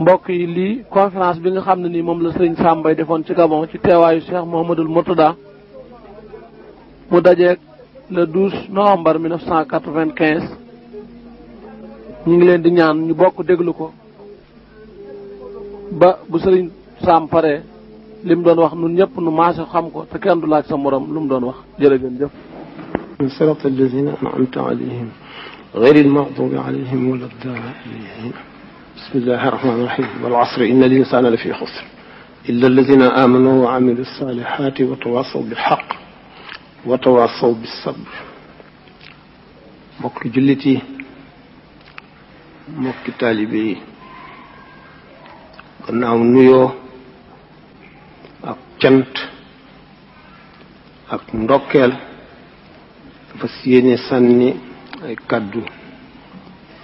mbokk yi li conférence bi nga xam ne nii moom la sëriñ Sambay defoon ci Gabon ci teewaayu Cheikh Mouhamadul Mourtada mu dajeeg le 12 novembre 1995 ñu ngi leen di ñaan ñu bokk déglu ko ba bu sëriñ Sam pare lim doon wax nun ñëpp nu maase xam ko te kenn du laaj sa morom lu mu doon wax jërëgën jëf صراط الذين أنعمت عليهم غير المغضوب عليهم ولا الضالين بسم الله الرحمن الرحيم والعصر إن الإنسان لفي خسر إلا الذين آمنوا وعملوا الصالحات وتواصوا بالحق وتواصوا بالصبر mbokki جلتي yi mbokki taalibe yi نيو nuyoo أك cant ak ndokkeel dafa أي sànni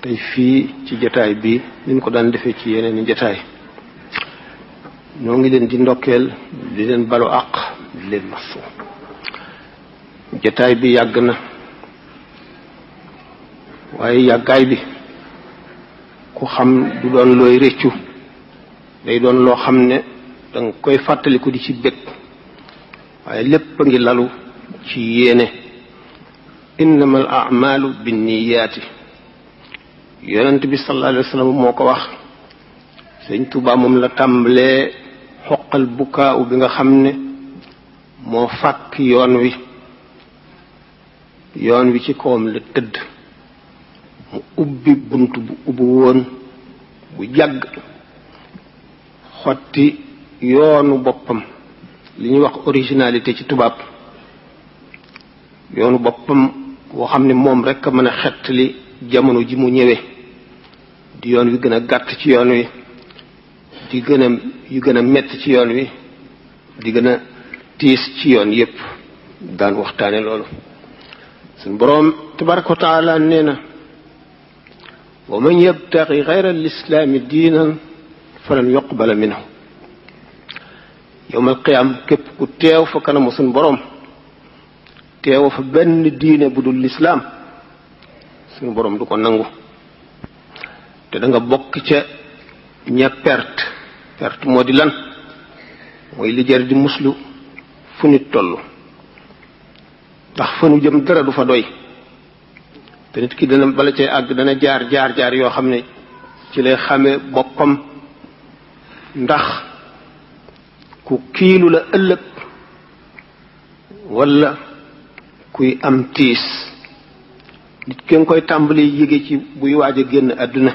tey fii ci jataay bi ni ñu ko daan defee ci yeneen i jataay ñoo ngi leen di ndokkeel di leen balu àq di leen masu jataay bi yàgg na waaye yàggaay bi ku xam du doon looy rëccu day doon loo xam ne danga koy fàttaliku di ci bég waaye lépp a ngi lalu ci yéene innamal amalu binniyaati yonent bi sallallahu alayhi wa moo ko wax sëñ Tuubaa moom la tàmbalee xoqal bukaaw bi nga xam ne moo fàkk yoon wi yoon wi ci kawam la tëdd mu ubbi bunt bu ubbi woon bu jàgg xotti yoonu boppam li ñuy wax originalité ci tubaab yoonu boppam boo xam ne moom rekk a mën a xett li jamono ji mu ñëwee di yoon wi gën a gàtt ci yoon wi di gën a yu gën a metti ci yoon wi di gën a tiis ci yoon yépp daan waxtaane loolu suñ boroom tabaraka wa taala nee na wa man yabtaxi xayra alislaami diinan falan yuqbala minhu yowmal qiyaam képp ku teew fa kanamu suñ boroom teew fa benn diine bu dul lislaam suñu borom du ko nangu te danga bokk ca ña perte perte moo di lan mooy li jar di muslu fu nit toll ndax fa jëm dara du fa doy te nit ki dana bala cay àgg dana jaar jaar jaar yoo xam ne ci lay xamee boppam ndax ku kiilu la ëllëg walla kuy am tiis nit ki nga koy tàmbali yéege ci buy waaj génn àdduna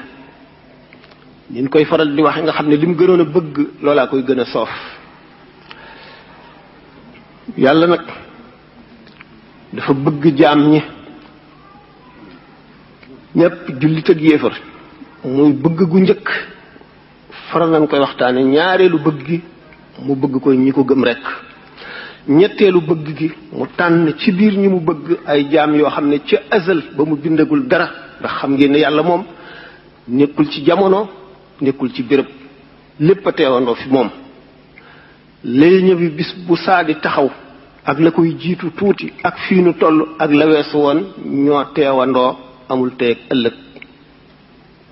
ñu koy faral di waxe nga xam ne li gënoon a bëgg loolaa koy gën a soof yàlla nag dafa bëgg jaam ñi ñépp jullit ak yéefar muy bëgg gu njëkk faral nañ koy waxtaane ñaareelu bëgg gi mu bëgg ko ñi ko gëm rekk ñetteelu bëgg gi mu tànn ci biir ñi mu bëgg ay jaam yoo xam ne ca azal ba mu bindagul dara ndax xam ngeen ne yàlla moom nekkul ci jamono nekkul ci bërëb lépp a teewandoo fi moom léeña bi bis bu saadi taxaw ak la koy jiitu tuuti ak fii nu toll ak la weesu woon ñoo teewandoo amul teeg ëllëg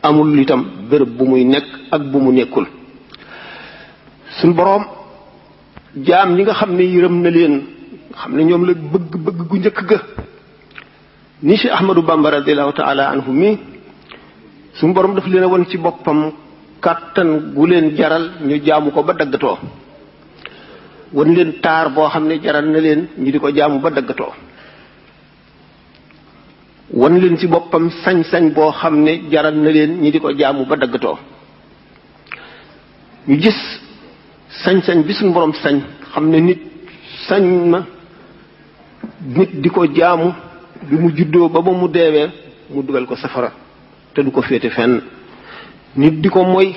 amul itam béréb bu muy nekk ak bu mu nekkul suñ boroom jaam ñi nga xam ne yërëm na leen nga xam ne ñoom la bëgg bëgg gu njëkk ga ni si Ahmadou Bamba radiallahu taala anhu mi suñu borom daf leen a won ci boppam kàttan gu leen jaral ñu jaamu ko ba daggatoo wan leen taar boo xam ne jaral na leen ñu di ko jaamu ba daggatoo wan leen ci boppam sañ-sañ boo xam ne jaral na leen ñi di ko jaamu ba daggatoo ñu gis sañ-sañ bi suñu borom sañ xam ne nit sañ na nit di ko jaamu bi mu juddoo ba ba mu deewee mu dugal ko safara te du ko féete fenn nit di ko moy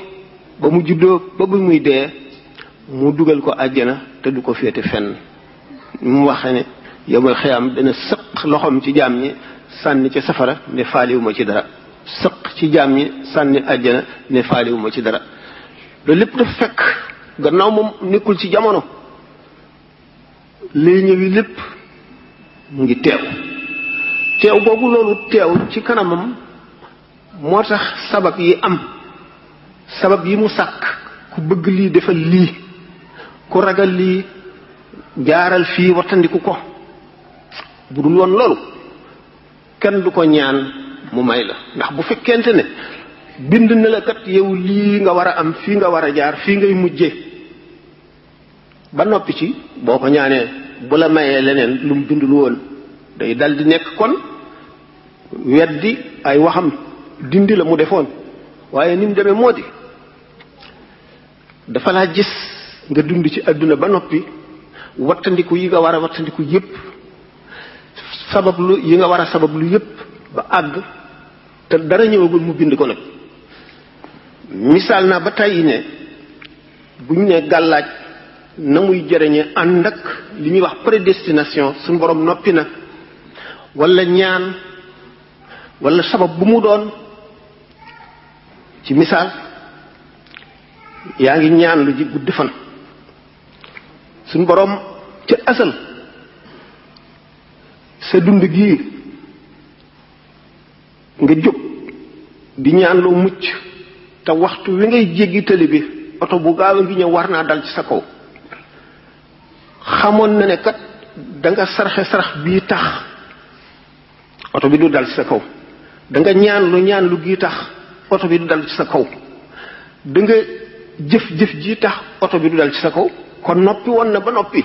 ba mu juddoo ba ba muy dee mu dugal ko àjjana te du ko féete fenn mu waxe ne yowmal xiyaam dana sëq loxoom ci jaam yi sànni ci safara ne faaliwuma ci dara sëq ci jaam ñi sànni àjjana ne faaliwuma ci dara loolu lépp dafa fekk gannaaw moom nekkul ci jamono lay ñëwi lépp mu ngi teew teew boobu loolu teew ci kanamam moo tax sabab yi am sabab yi mu sàkk ku bëgg lii defal lii ku ragal lii jaaral fii wattandiku ko bu dul woon loolu kenn du ko ñaan mu may la ndax bu fekkente ne bind na la kat yow lii nga war a am fii nga war a jaar fii ngay mujjee ba noppi ci boo ko ñaanee bu la mayee leneen lu mu dundul woon day dal di nekk kon weddi ay waxam dindi la mu defoon waaye ni mu demee moo di dafa laa gis nga dund ci àdduna ba noppi wattandiku yi nga war a wattandiku yépp sabab yi nga war a sabab lu yépp ba àgg te dara ñëwagul mu bind ko nag misaal naa ba tàyyi ne buñ ne gàllaaj na muy jëriñe ànd ak li ñuy wax prédestination suñu borom noppi na wala ñaan wala sabab bu mu doon ci misaal yaa ngi ñaan lu ji gudd fan suñu borom ca asal sa dund gii nga jóg di ñaan loo mucc te waxtu wi ngay jéggi tali bi oto bu gaaw a ngi ñëw war naa dal ci sa kaw xamoon na ne kat danga nga sarxe sarax bii tax oto bi du dal ci sa kaw danga nga ñaan lu gii tax oto bi dal ci sa kaw da jëf-jëf ji tax oto bi du dal ci sa kaw kon noppi woon na ba noppi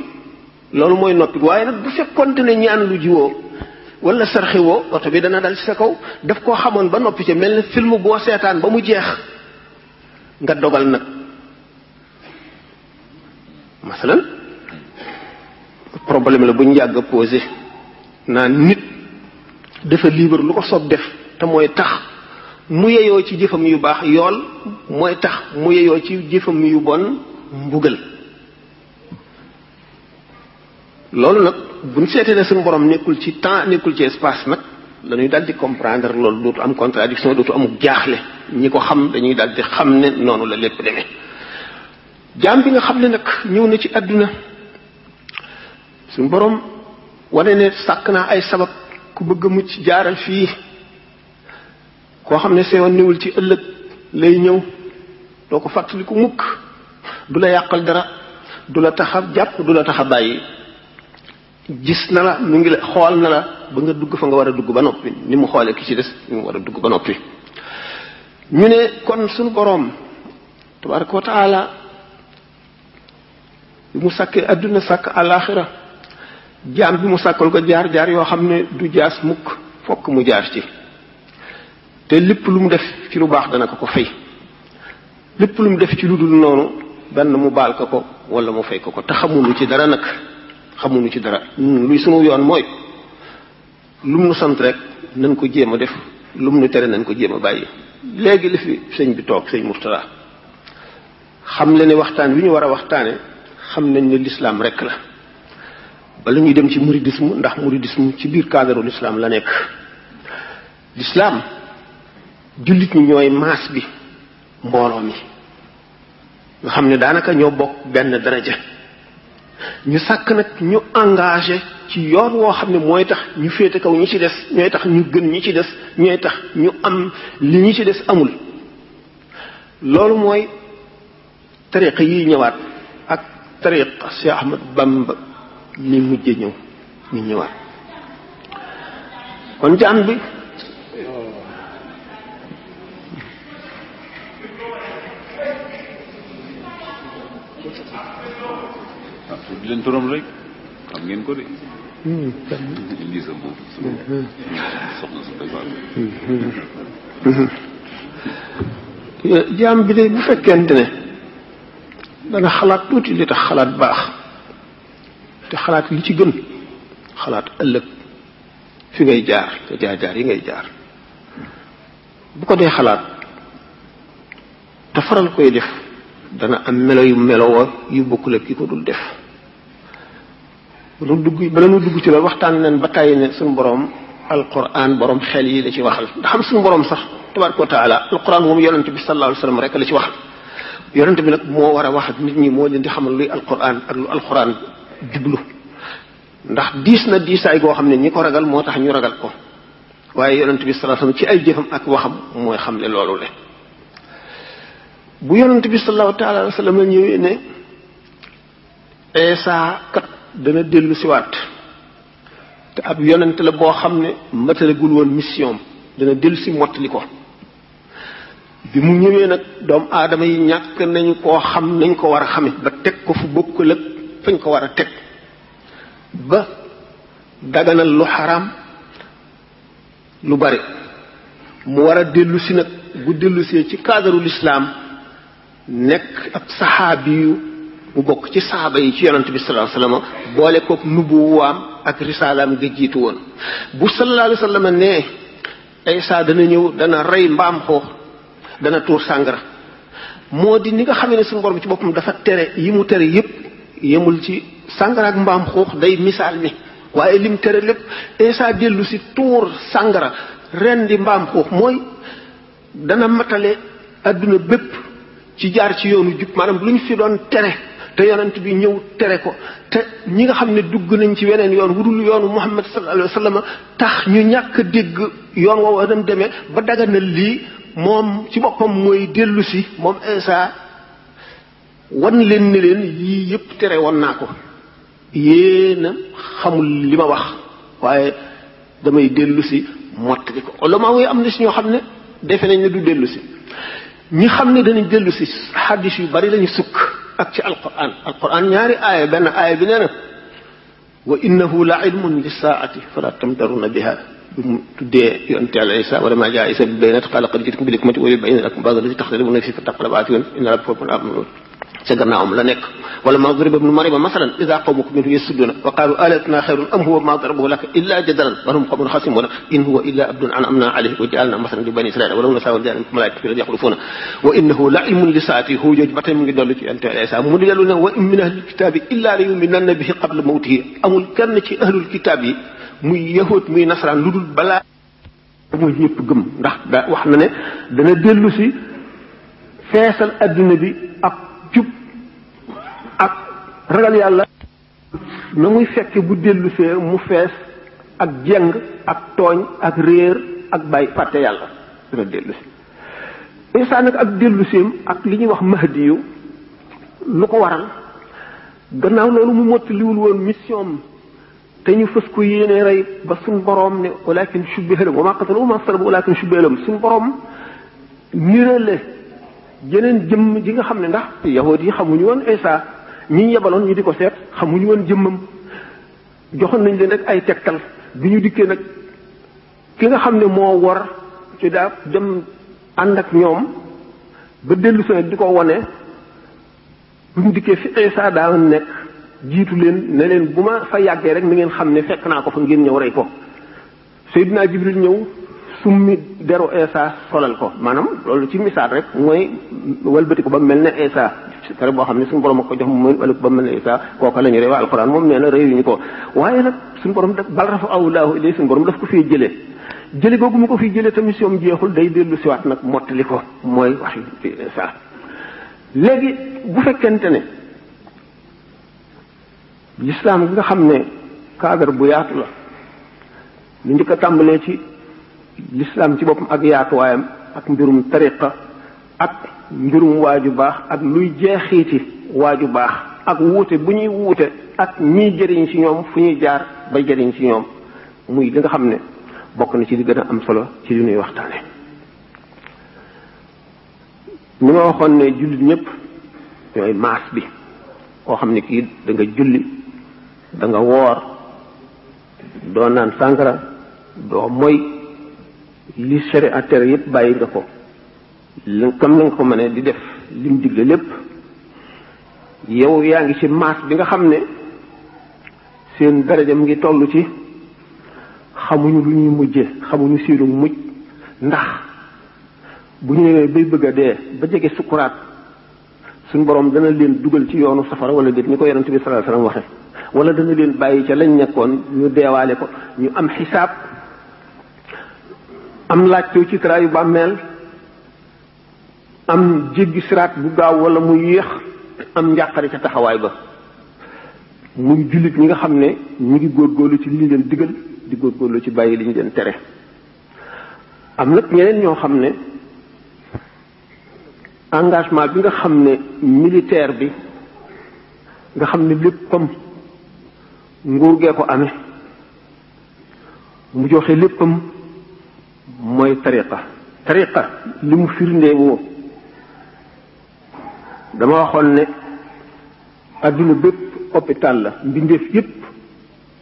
loolu mooy noppi waaye nag bu fekkonte ne ñaan lu jiwoo wala sarxi woo oto bi dana dal ci sa kaw daf koo xamoon ba noppi ca mel ne film boo seetaan ba mu jeex nga dogal nag masalan problème la ba ñu yàgg posé naan nit dafa libre lu ko soob def te mooy tax mu yeyoo ci jëfam yu baax yool mooy tax mu yeyoo ci jëfam yu bon mbugal loolu nag buñ seetee ne suñu borom nekkul ci temps nekkul ci espace nag dañuy daal di comprendre loolu dootu am contradiction dootu amuk jaaxle ñi ko xam dañuy daal di xam ne noonu la lépp demee jaam bi nga xam ne nag ñëw na ci àdduna suñ boroom wane ne sàkk naa ay sabab ku bëgg a mucc jaaral fii koo xam ne seewoon newul ci ëllëg lay ñëw doo ko fàttaliku mukk du la yàqal dara du la tax a jàpp du la tax a bàyyi gis na la mu ngi la xool na la ba nga dugg fa nga war a dugg ba noppi ni mu xoolee ki ci des ni mu war a dugg ba noppi ñu ne kon suñ borom tabaraka wa bi mu sàkkee àdduna sàkk àlaaxira jaam bi mu sàkkal ko jaar jaar yoo xam ne du jaas mukk fokk mu jaar ci te lépp lu mu def ci lu baax dana ko ko fay lépp lu mu def ci lu dul noonu benn mu baal ko ko wala mu fay ko ko te xamuñu ci dara nag xamuñu ci dara luy sunu yoon mooy lu mu nu sant rek nañ ko jéem a def lu mu nu tere nañ ko jéem a bàyyi léegi li fi sëñ bi toog sëñ Mourtala xam le ne waxtaan wi ñu war a waxtaane xam nañ ne lislaam rek la bala ñuy dem ci muridisme ndax muridisme ci biir cadre l'islam la nekk lislaam jullit ñi ñooy maas bi mbooloo mi nga xam ne daanaka ñoo bokk benn daraja ñu sàkk nag ñu engagé ci yoon woo xam ne mooy tax ñu féete kaw ñi ci des ñooy tax ñu gën ñi ci des ñooy tax ñu am li ñi ci des amul loolu mooy tariqa yi ñëwaat ak tariqa Cheikh Ahmad Bamba ni mujj ñëw ni ñëwaat kon jaam bi di ngeen ko bi de bu fekkente ne danga xalaat tuuti li tax xalaat baax te xalaat li ci gën xalaat ëllëg fi ngay jaar jaar-jaar yi ngay jaar bu ko dee xalaat te faral koy def dana am melo yu melowoo yu bokkul ak ki ko dul def lu dugg bala nu dugg ci loolu waxtaan nen ba tàyyi ne suñu borom alquran borom xel yi la ci waxal ndax am suñu borom sax tabaraka wa taala alquran moom yonent bi sallallahu alayhi wa rek la ci waxal yonent bi nag moo war wax nit ñi moo leen di xamal luy alquran ak lu alquran jublu ndax diis na diisaay goo xam ne ñi ko ragal moo tax ñu ragal ko waaye yonent bi sallallahu ci ay jëfam ak waxam mooy xam ne loolu le bu yonent bi sallallahu taala alayhi ñëwee ne Eesa kat dana dellu siwaat te ab yonent la boo xam ne matalagul woon mission dana dellu si mottali ko bi mu ñëwee nag doomu aadama yi ñàkk nañu koo xam nañ ko war a xame ba teg ko fu bokk ak fañ ko war a teg ba daganal lu xaraam lu bari mu war a dellusi nag bu dellusee ci cadre lislaam nekk ab saxaabi yu mu bokk ci saxaaba yi ci yonante bi sallallahu boole kook nubuwaam ak risaalaam nga jiitu woon bu sallallahu alayhi wa sallam nee dana ñëw dana rey mbaam xoox dana tuur sàngara moo di ni nga xamee ne suñu borom ci boppam dafa tere yi mu tere yépp yemul ci sàngara ak mbaam xuux day misaal mi waaye lim tere lépp eesa dellu si tuur sàngara rendi di mbaam xuux mooy dana matale àdduna bépp ci jaar ci yoonu jub maanaam lu ñu fi doon tere te yonent bi ñëw tere ko te ñi nga xam ne dugg nañ ci weneen yoon wudul yoonu muhammad sallallahu alayhi wa sallam tax ñu ñàkk dégg yoon woowa dem demee ba daganal lii moom ci boppam mooy dellu si moom eesa wan leen ne leen yii yëpp tere woon naa ko yéena xamul li ma wax waaye damay dellu si mottali ko ulama yi am na si ñoo xam ne defe nañ ne du dellu si ñi xam ne danañ dellu si xadis yu bari lañu sukk ak ci alquran alquran ñaari aaya benn aaya bi nee na wa innahu la ilmun li saati fala tamtaruna biha bi mu tuddee yonte àlla isa wala ma jaa isa bi bayna qala qad jitum bi likmati wa bayna lakum ba'da allati taxtalifuna fi fattaqu labaati inna rabbakum amnun ca gannaawam la nekk wala ma duriba ibnu mariama masalan ida qawmuka minhu yasudduna wa qalu alatuna xayrun am huwa ma darabahu laka illa jadalan bal hum qawmun xasimuuna in huwa illa abdun an'amna alayhi wa ja'alna masalan li bani israila wala nasa wal ja'alna malaikata fi yaxlufuuna wa innahu la ilmun li saati hu jooju ba tey mu ngi dollu ci yonent Isa mu di dellu ne wa in min ahlil kitaabi illa la yuminanna bihi qabla mawtihi amul kenn ci ahlul kitaab yi muy yahud muy nasaraan lu dul balaa muy ñëpp gëm ndax da wax na ne dana dellu si feesal adduna bi ak ak ragal yàlla na muy fekk bu dellu mu fees ak jeng ak tooñ ak réer ak bàyyi fàtte yàlla dana dellu si insaan nag ak dellu ak li ñuy wax mahdi yu lu ko waral gannaaw loolu mu mottaliwul woon mission te ñu fës ko yéene rey ba suñ boroom ne walakin shubbiha lahum wa ma qataluhu ma salabu suñ boroom nirale jeneen jëmm ji nga xam ne ndax yahud yi xamuñu woon Isa ñi ñu yebaloon ñu di ko seet xamuñu woon jëmmam joxoon nañ leen rek ay tegtal bi ñu dikkee nag ki nga xam ne moo war ci daa dem ànd ak ñoom ba dellu si nag di ko wane bu ñu dikkee fi Isaa daa nekk jiitu leen ne leen bu ma fa yàggee rek ni ngeen xam ne fekk naa ko fa ngeen ñëw rey ko Seydina Jibril ñëw summi deru Eesa solal ko maanaam loolu ci misaal rek mooy walbati ko ba mel ne Eesa tere boo xam ne suñu borom a ko jox mu walbati ko ba mel ne Eesa kooka la ñu réew alquran moom nee na réew ñu ko waaye nag suñu borom daf bal rafa awlaahu ilay suñu borom daf ko fii jëlee jële googu mu ko fii jëlee tamit si moom jeexul day dellu siwaat nag mottali ko mooy wax ci Eesa léegi bu fekkente ne lislaam gi nga xam ne cadre bu yaatu la lu njëkk tàmbalee ci lislaam ci boppam ak yaatuwaayam ak mbirum tariqa ak mbirum waaju baax ak luy jeexiiti waaju baax ak wuute bu ñuy wuute ak ñiy jëriñ ci ñoom fu ñuy jaar bay jëriñ ci ñoom muy li nga xam ne bokk na ci li gën a am solo ci li ñuy waxtaane ni ma waxoon ne jullit ñëpp ñooy maas bi koo xam ne kii danga julli danga nga woor doo naan sàngara doo moy li sharia tere yépp bàyyi nga ko comme ni nga ko mënee di def lim digle lépp yow yaa ngi ci maas bi nga xam ne seen daraja mu ngi toll ci xamuñu lu ñuy mujje xamuñu siinu mujj ndax bu ñu nee bay bëgg dee ba jege sukuraat suñ borom dana leen dugal ci yoonu safara wala déet ni ko yonent bi sallallahu alayhi wasallam waxe wala dana leen bàyyi ca lañ nekkoon ñu deewaale ko ñu am xisaab am laajtoo ci taraayu bàmmeel am jéggi siraat bu gaaw wala mu yéex am njàqare ca taxawaay ba mu jullit ñi nga xam ne ñu ngi góor góorgóorlu ci li ñu leen digal di góorgóorlu ci bàyyi li ñu leen tere am nag ñeneen ñoo xam ne engagement bi nga xam ne militaire bi nga xam ne léppam nguur gee ko amee mu joxe léppam mooy tariqa tariqa li mu firndee woo dama waxoon ne adduna bépp hôpital la mbindeef yépp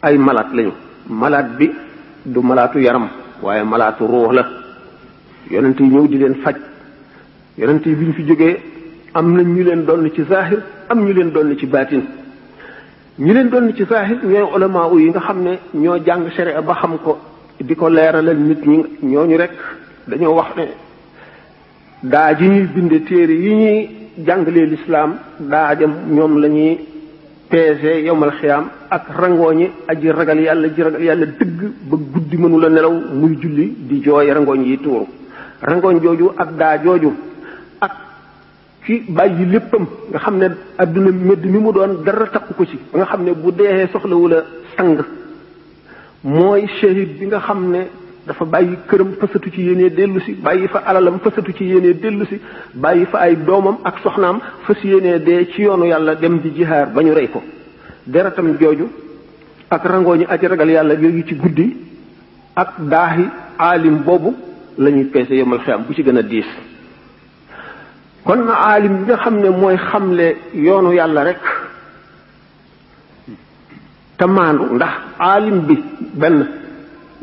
ay malaat lañu malaat bi du malaatu yaram waaye malaatu ruux la yonent yi ñëw di leen faj yonent yi bi ñu fi jógee am na ñu leen doon ci zahir am ñu leen doon ci baatin ñu leen doon ci zahir ñooy ulama yi nga xam ne ñoo jàng sharia ba xam ko di ko leeralal nit ñi ñooñu rek dañoo wax ne daa ji ñuy binde téere yi ñuy jàngalee lislaam daajam ñoom lañuy ñuy peese yowmal xiyaam ak rangooñi aji ragal yàlla ji ragal yàlla dëgg ba guddi mënu nelaw muy julli di jooy rangooñ yi tuuru rangooñ jooju ak daa jooju ak ci bàyyi léppam nga xam ne adduna medd mi mu doon dara takku ko ci ba nga xam ne bu deexee soxlawu la sang mooy shahid bi nga xam ne dafa bàyyi këram fësatu ci yéenee dellu si bàyyi fa alalam fësatu ci yéenee dellu si bàyyi fa ay doomam ak soxnaam fës yéenee dee ci yoonu yàlla dem di jihaar ba ñu rey ko deretam jooju ak rangooñu aji ragal yàlla yooyu ci guddi ak daaxi aalim boobu lañuy ñuy peese yomal xiyam bu ci gën a diis kon na aalim bi nga xam ne mooy xamle yoonu yàlla rek te ndax aalim bi benn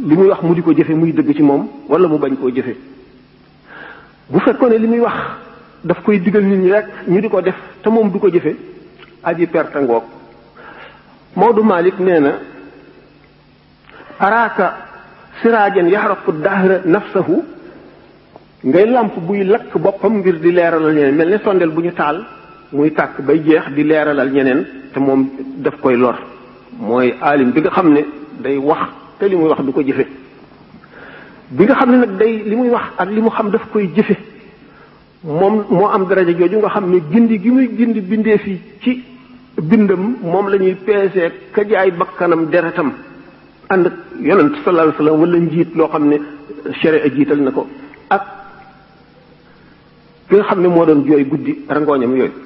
li muy wax mu di ko jëfe muy dëgg ci moom wala mu bañ koo jëfe bu fekkoon ne li muy wax daf koy digal nit ñi rek ñu di ko def te moom du ko jëfe aji perte ngoog Maodo Malick nee na araaka siraajan yaxraqu dahra nafsahu ngay làmp buy lakk boppam ngir di leeralal ñeneen mel ne sondeel bu ñu taal muy tàkk bay jeex di leeralal ñeneen te moom daf koy lor mooy alim bi nga xam ne day wax te li muy wax du ko jëfe bi nga xam ne nag day li muy wax ak li mu xam daf koy jëfe moom moo am daraja jooju nga xam ne gindi gi muy gindi bindee fi ci bindam moom la ñuy peesee ka bakkanam deretam ànd ak yonent sallallahu alayhi wasallam wala njiit loo xam ne sharia jiital na ko ak ki nga xam ne moo doon jooy guddi rangooñam yooyu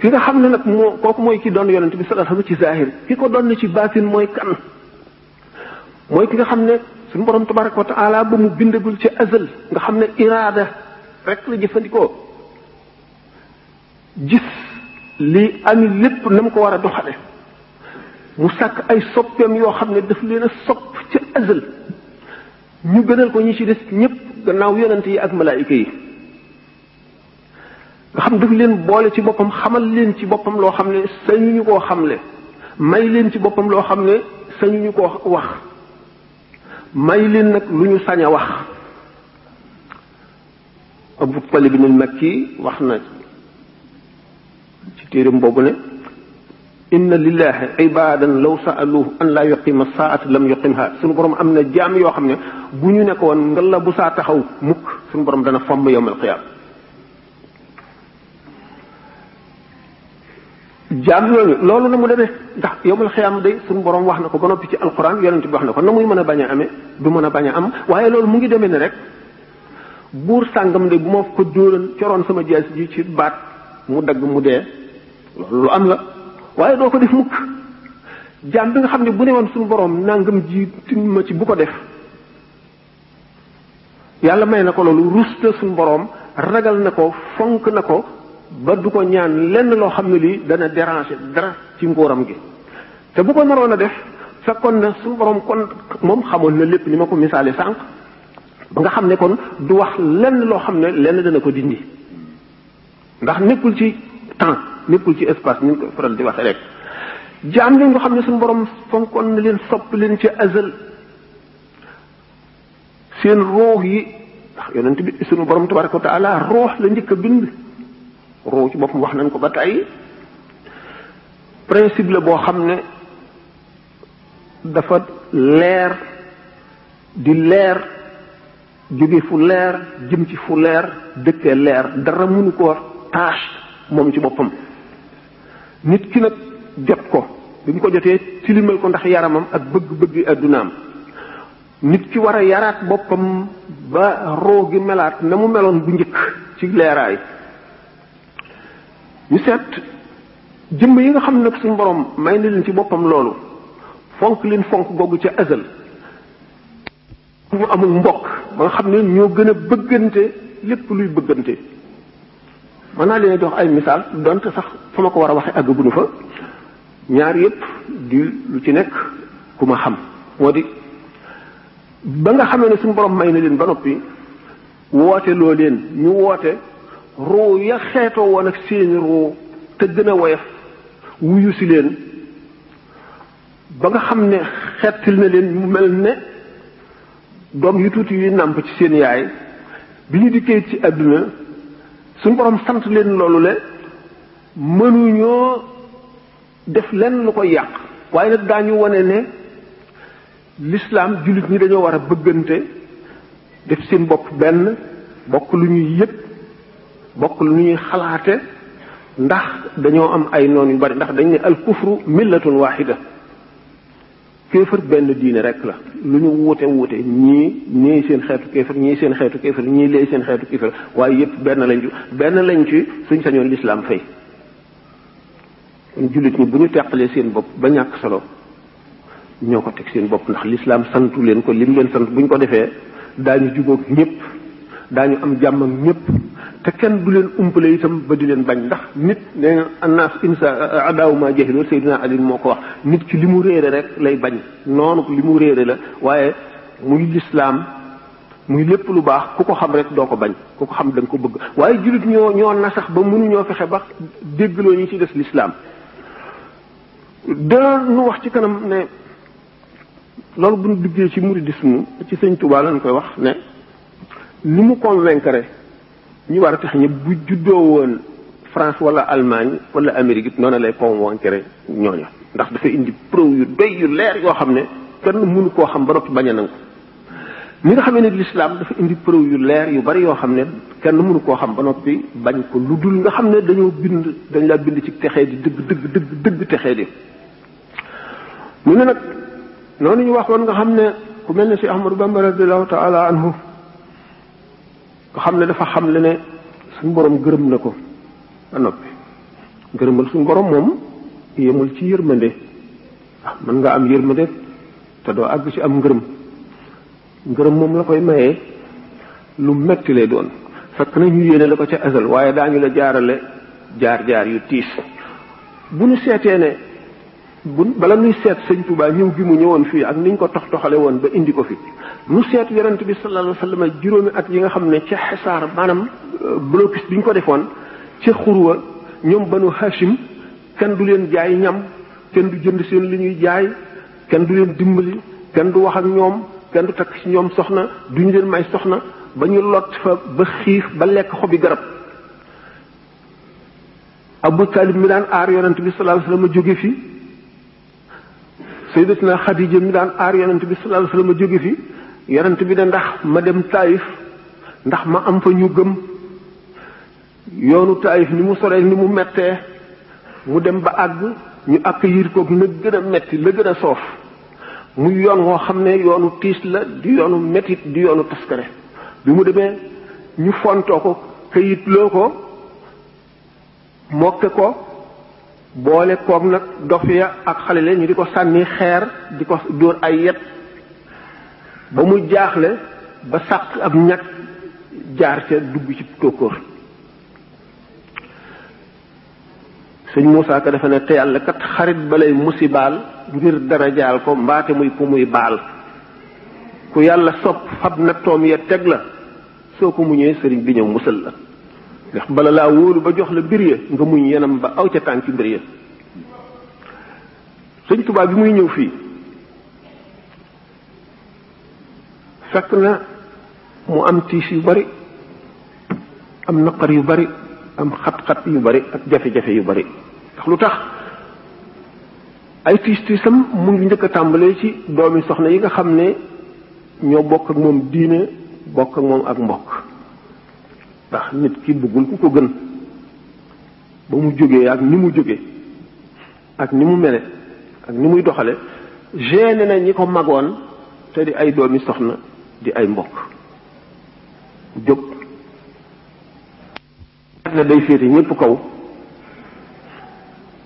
ki nga xam ne nag moo kooku mooy ki doon yonent bi sallallahu alayhi wasallam ci zahir ki ko doon ci batin mooy kan mooy ki nga xam ne suñu borom tabaraka wa taala ba mu bindagul ci azal nga xam ne iraada rek la jëfandikoo gis li ami lépp na mu ko war a doxale mu sàkk ay soppeem yoo xam ne daf leen a sopp ci azal ñu gënal ko ñi ci des ñëpp gannaaw yonent yi ak malaayika yi nga xam daf leen boole ci boppam xamal leen ci boppam loo xam ne sañuñu koo xamle may leen ci boppam loo xam ne sañuñu koo wax may leen nag lu ñu sañ a wax Abu Talib al Makki wax na ci téeram boobu ne inna lillahi ibadan law saaluhu an laa yuqima saata lam yuqimha suñu borom am na jaam yoo xam ne bu ñu nekkoon nga la bu saa taxaw mukk suñu borom dana fomm yowmal qiyaama jaam yooyu loolu na mu demee ndax yowmal xiyaam day suñu borom wax na ko ba noppi ci alxuraan yonent bi wax na ko na muy mën a bañ a amee du mën a bañ a am waaye loolu mu ngi demee ne rek sàngam de bu ko dóoran coroon sama jaas ji ci baat mu dagg mu dee lu am la waaye doo ko def mukk jaam bi nga xam ne bu ne woon suñu borom nangam ji ma ci bu ko def yàlla may na ko loolu rus na suñu boroom ragal na ko fonk na ko ba du ko ñaan lenn loo xam ne lii dana déranger dara ci ngooram gi te bu ko naroon a def fekkoon na suñu borom kon moom xamoon la lépp ni ma ko misaale sànq ba nga xam ne kon du wax lenn loo xam ne lenn dana ko dindi ndax nekkul ci temps nekkul ci espace ni ko faral di waxee rek jaam li nga xam ne suñu borom fonkoon na leen sopp leen ci azal seen ruux yi ndax yonent bi suñu borom tabaraka wa taala la njëkk a bind ruu ci boppam wax nañ ko ba tey principe la boo xam ne dafa leer di leer jóge fu leer jëm ci fu leer dëkkee leer dara mënu koo taas moom ci boppam nit ki nag jot ko bi mu ko jotee tilimal ko ndax yaramam ak bëgg-bëggi addunaam nit ki war a yaraat boppam ba roo gi melaat na mu meloon bu njëkk ci leeraay ñu seet jëmm yi nga xam ne nag suñu may na leen ci boppam loolu fonk leen fonk googu ci azal ñu amul mbokk ba nga xam ne ñoo gën a bëggante lépp luy bëggante mën naa leen dox ay misaal donte sax fa ma ko war a waxee àggaguñu fa ñaar yëpp di lu ci nekk ku ma xam moo di ba nga xamee ne suñu borom may na leen ba noppi woote loo leen ñu woote ruu ya xeetoo woon ak seeni ruu te gën a woyof wuyu si leen ba nga xam ne xettil na leen mu mel ne doom yu tuuti yuy nàmp ci seen yaay bi ñu dikkee ci àdduna suñ borom sant leen loolu le mënuñoo def lenn lu ko yàq waaye nag daañu wone ne lislaam jullit ñi dañoo war a bëggante def seen bopp benn bokk lu ñuy yëpp bokk lu ñuy xalaate ndax dañoo am ay noon yu bari ndax dañ ne al kufru millatun wahida kéefër benn diine rek la lu ñu wute wute ñii ñii seen xeetu kéefër ñii seen xeetu kéefër ñii lee seen xeetu kéefër waaye yépp benn lañ ci benn lañ ci suñ sañoon lislaam fay julit ñi bu ñu teqalee seen bopp ba ñàkk solo ñoo ko teg seen bopp ndax lislaam santu leen ko lim leen sant buñ ko defee daañu jubóog ñëpp daañu am jàmm ñëpp te kenn du leen umpale itam ba di leen bañ ndax nit nee na annaas insa adaawu maa jahiloo Seydina Ali moo ko wax nit ki li mu réere rek lay bañ noonu li mu réere la waaye muy lislaam muy lépp lu baax ku ko xam rek doo ko bañ ku ko xam da nga ko bëgg waaye jullit ñoo ñoo nasax ba mënuñoo fexe ba déggloo ñi ci des lislaam da nu wax ci kanam ne loolu bu ñu duggee ci muridisme ci sëñ Tuubaa lañ koy wax ne li mu convaincre ñu war a tax ñi bu juddoo woon France wala Allemagne wala Amérique it noonu lay convaincre ñooñu ndax dafa indi preuve yu doy yu leer yoo xam ne kenn mënu koo xam ba noppi bañ a nangu nga xamee ne l'islam dafa indi preuve yu leer yu bari yoo xam ne kenn mënu koo xam ba noppi bañ ko lu dul nga xam ne dañoo bind dañ laa bind ci texee di dëgg dëgg dëgg dëgg texee di mu ne nag noonu ñu wax waxoon nga xam ne ku mel ne si Ahmadou Bamba la taala anhu nga xam ne dafa xam le ne suñ borom gërëm na ko ba noppi gërëmal suñ borom moom yemul ci yërmande ah mën nga am yërmande te doo àgg ci am ngërëm ngërëm moom la koy mayee lu metti lay doon fekk na ñu yéene la ko ca azal waaye daañu la jaarale jaar-jaar yu tiis bu ñu seetee ne bu bala nuy seet sëñ Tuubaa ñëw gi mu ñëwoon fii ak niñ ko tox toxale woon ba indi ko fi mu seetu yonent bi sallallahu alayhi wa sallam juróomi at yi nga xam ne ca xisaar maanaam euh, blocus bi ñu ko defoon ca xurwa ñoom banu hashim kenn du leen jaay ñam kenn du jënd seen li ñuy jaay kenn du leen dimbali kenn du wax ak ñoom kenn du takk ci ñoom soxna du ñu leen may soxna ba ñu lot fa ba xiif ba lekk xobi garab abu taalib mi daan aar yonent bi sallallahu alayhi wa sallam jóge fi sayyidatuna xadija mi daan aar yonent bi sallallahu alayhi wa jóge fi yonent bi ne ndax ma dem taayif ndax ma am fa ñu gëm yoonu taayif ni mu soree ni mu mettee mu dem ba àgg ñu accueillir ko la gën a metti la gën a soof muy yoon woo xam ne yoonu tiis la di yoonu mettit di yoonu taskare bi mu demee ñu fontoo ko këyitloo ko mokke ko boole koog nag dof ya ak xale la ñu di ko sànni xeer di ko dóor ay yet ba mu jaaxle ba sàq ab ñag jaar ca dugg ci tóokóor sëñ Moussa ka dafa ne te yàlla kat xarit balay musibaal ngir dara jaal ko mbaate muy ku muy baal ku yàlla sopp fab na toom ya teg la soo ko muñee sëriñ bi ñëw musal la ndax bala laa wóolu ba jox la mbir ya nga muñ yenam ba aw ca tànki mbir ya sëñ Tuubaa bi muy ñëw fii fekk na mu am tiis yu bari am naqar yu bari am xat-xat yu bari ak jafe-jafe yu bari ndax lu tax ay tiis tiisam mu ngi njëkk a tàmbalee ci doomi soxna yi nga xam ne ñoo bokk ak moom diine bokk ak moom ak mbokk ndax nit ki bëggul ku ko gën ba mu jógee ak ni mu jógee ak ni mu mele ak ni muy doxale gêné na ñi ko magoon te di ay doomi soxna di ay mbokk jóg ne day féete ñëpp kaw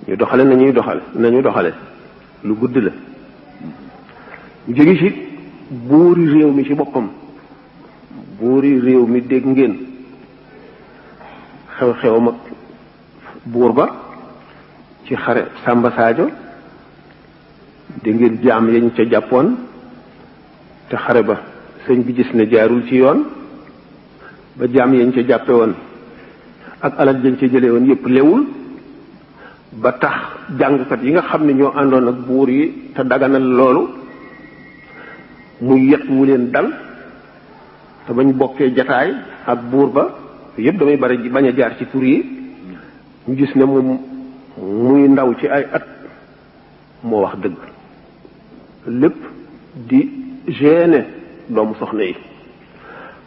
ñu doxale nañuy doxale nañu doxale lu gudd la ñu jóge ci buuri réew mi ci boppam buuri réew mi dégg ngeen xew-xewam ak buur ba ci xare Samba Sadio dégg ngeen jaam yañ ca jàppoon te xare ba sëñ bi gis ne jaarul ci yoon ba jaam yañ ca jàppe woon ak alal jañ ca jële woon yépp lewul ba tax jàngkat yi nga xam ne ñoo àndoon ak buur yi te daganal loolu muy yet wu leen dal te bañ bokkee jataay ak buur ba yépp damay bari bañ a jaar ci tur yi ñu gis ne moom muy ndaw ci ay at moo wax dëgg lépp di gêner doomu soxna yi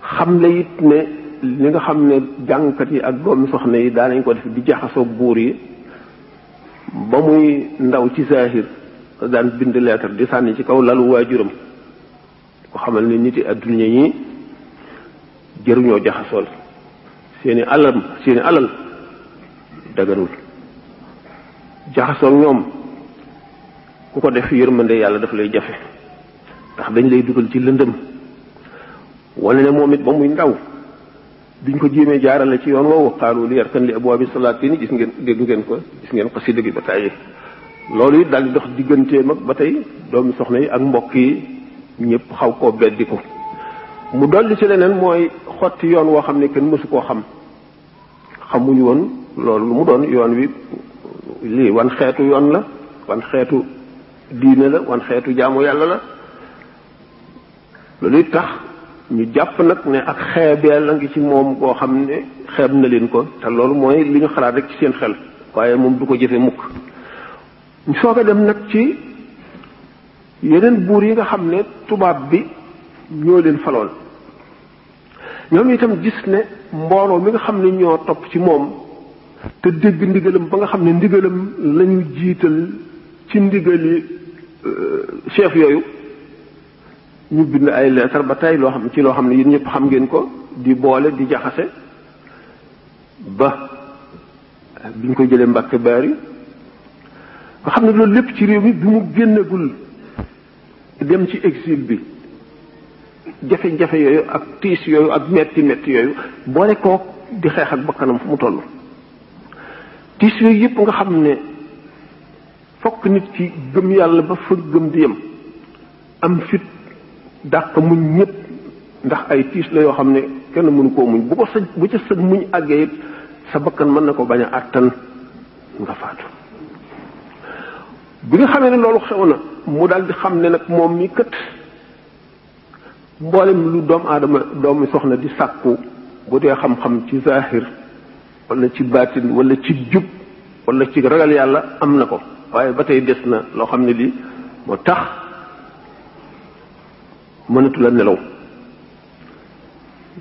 xam la it ne li nga xam ne jàngkat yi ak doomu soxna yi daanañ ko def di jaxasoog buur yi ba muy ndaw ci zahir daan bind leetar di sànni ci kaw lalu waajuram ko xamal ne nit yi adduna yi jëruñoo jaxasool seeni alal seeni alal daganul jaxasoog ñoom ku ko def yërmande yàlla daf lay jafe ndax dañ lay dugal ci lëndëm wane ne moom it ba muy ndaw biñ ko jéemee jaarale ci yoon woowu xaalu li yarkan li abwaabi salaatin gis ngeen dégg ngeen ko gis ngeen xasida gi ba tàyyi loolu it daal di dox digganteem ak ba tey doom soxna yi ak mbokk yi ñépp xaw koo beddi ko mu dolli ci leneen mooy xotti yoon woo xam ne kenn mësu koo xam xamuñu woon loolu lu mu doon yoon wi lii wan xeetu yoon la wan xeetu diine la wan xeetu jaamu yàlla la loolu it tax ñu jàpp nag ne ak xeebeel a ngi ci moom boo xam ne xeeb na leen ko te loolu mooy li ñu xalaat rek ci seen xel waaye moom du ko jëfe mukk ñu soog a dem nag ci yeneen buur yi nga xam ne tubaab bi ñoo leen faloon ñoom itam gis ne mbooloo mi nga xam ne ñoo topp ci moom te dégg ndigalam ba nga xam ne ndigalam lañu jiital ci ndigali euh, chef yooyu ñu bind ay leetar ba tey loo xam ne ci loo xam ne yéen ñëpp xam ngeen ko di boole di jaxase ba bi ñu ko jëlee Mbàkke Baari nga xam ne loolu lépp ci réew mi bi mu génnagul dem ci exil bi jafe-jafe yooyu ak tiis yooyu ak metti metti yooyu boole koo di xeex ak bakkanam fu mu toll tiis yooyu yëpp nga xam ne fokk nit ci gëm yàlla ba fa gëm di yem am fit dàq muñ ñëpp ndax ay tiis la yoo xam ne kenn mënu koo muñ bu ko sa bu ca sëg muñ àggee it sa bakkan mën na ko bañ a àttan nga faatu bi nga xamee ne loolu xew na mu dal di xam ne nag moom mi kët mboolem lu doomu aadama doomi soxna di sàkku bu dee xam-xam ci zahir wala ci baatin walla ci jub wala ci ragal yàlla am na ko waaye ba tey des na loo xam ne lii moo tax mënatu la nelaw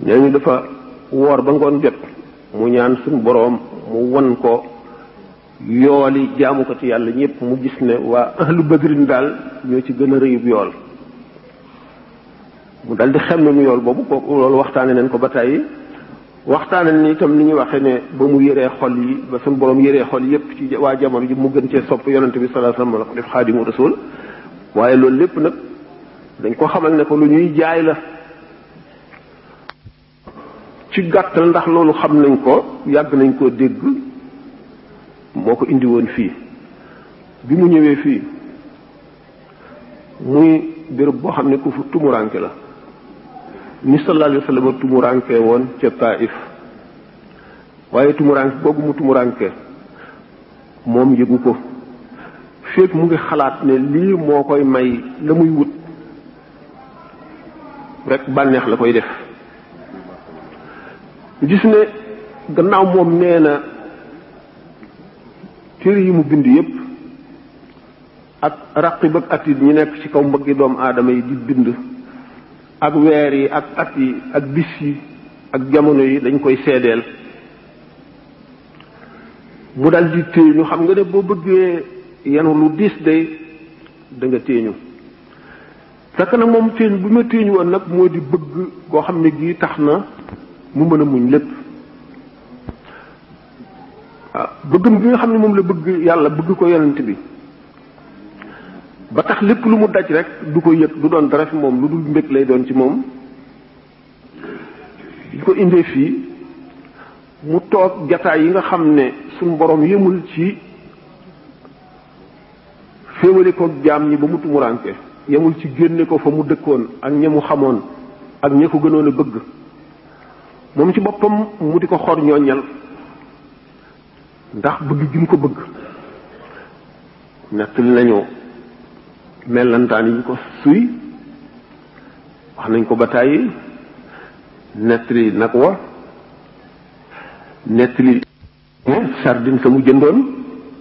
nee ñu dafa woor ba ngoon jot mu ñaan suñ boroom mu won ko yooli jaamu ko ci yàlla ñëpp mu gis ne waa ahlu bëgrin daal ñoo ci gën a rëyub yool mu dal di xem mu yool boobu kooku loolu waxtaane nañ ko ba tàyyi waxtaane ni itam ni ñuy waxee ne ba mu yëree xol yi ba suñ borom yëree xol yëpp ci waa jamono ji mu gën cee sopp yonente bi sallallahu sallam la ko def xaadimu rasul waaye loolu lépp nag dañ ko xamal ne ko lu ñuy jaay la ci gàttal ndax loolu xam nañ ko yàgg nañ koo dégg moo ko indi woon fii bi mu ñëwee fii muy béréb boo xam ne ku fu tumuranke la ni sallallahu alayhi wa woon ca Taif waaye tumuranke boobu mu moom yëgu ko fépp mu ngi xalaat ne lii moo koy may la muy wut rek bànneex la koy def gis ne gannaaw moom nee na téere yi mu bind yépp ak raqib ak atid ñi nekk ci kaw mbëgg doomu aadama yi di bind ak weer yi ak at yi ak bis yi ak jamono yi dañ koy seedeel mu dal di téeñu xam nga ne boo bëggee yenu lu diis day da nga fekk na moom téeñ bu ma téeñ woon nag moo di bëgg koo xam ne gii tax na mu mën a muñ lépp waaw ah, bëggam xam ne moom la bëgg yàlla bëgg ko yonent bi ba tax lépp lu mu daj rek du ko yëg du doon dara fi moom lu dul mbég lay doon ci moom li ko indee fii mu toog jataay yi nga xam ne suñu borom yëmul ci féewale ko jaam ñi ba mu tumuraanke yemul ci génne ko fa mu dëkkoon ak ña mu xamoon ak ña ko gënoon a bëgg moom ci boppam mu di ko xor ñooñal ndax bëgg gi ko bëgg nettali nañu mellantaan yi ko suy wax nañ ko ba tàyyi nettali nag wa nettali sardine sa mu jëndoon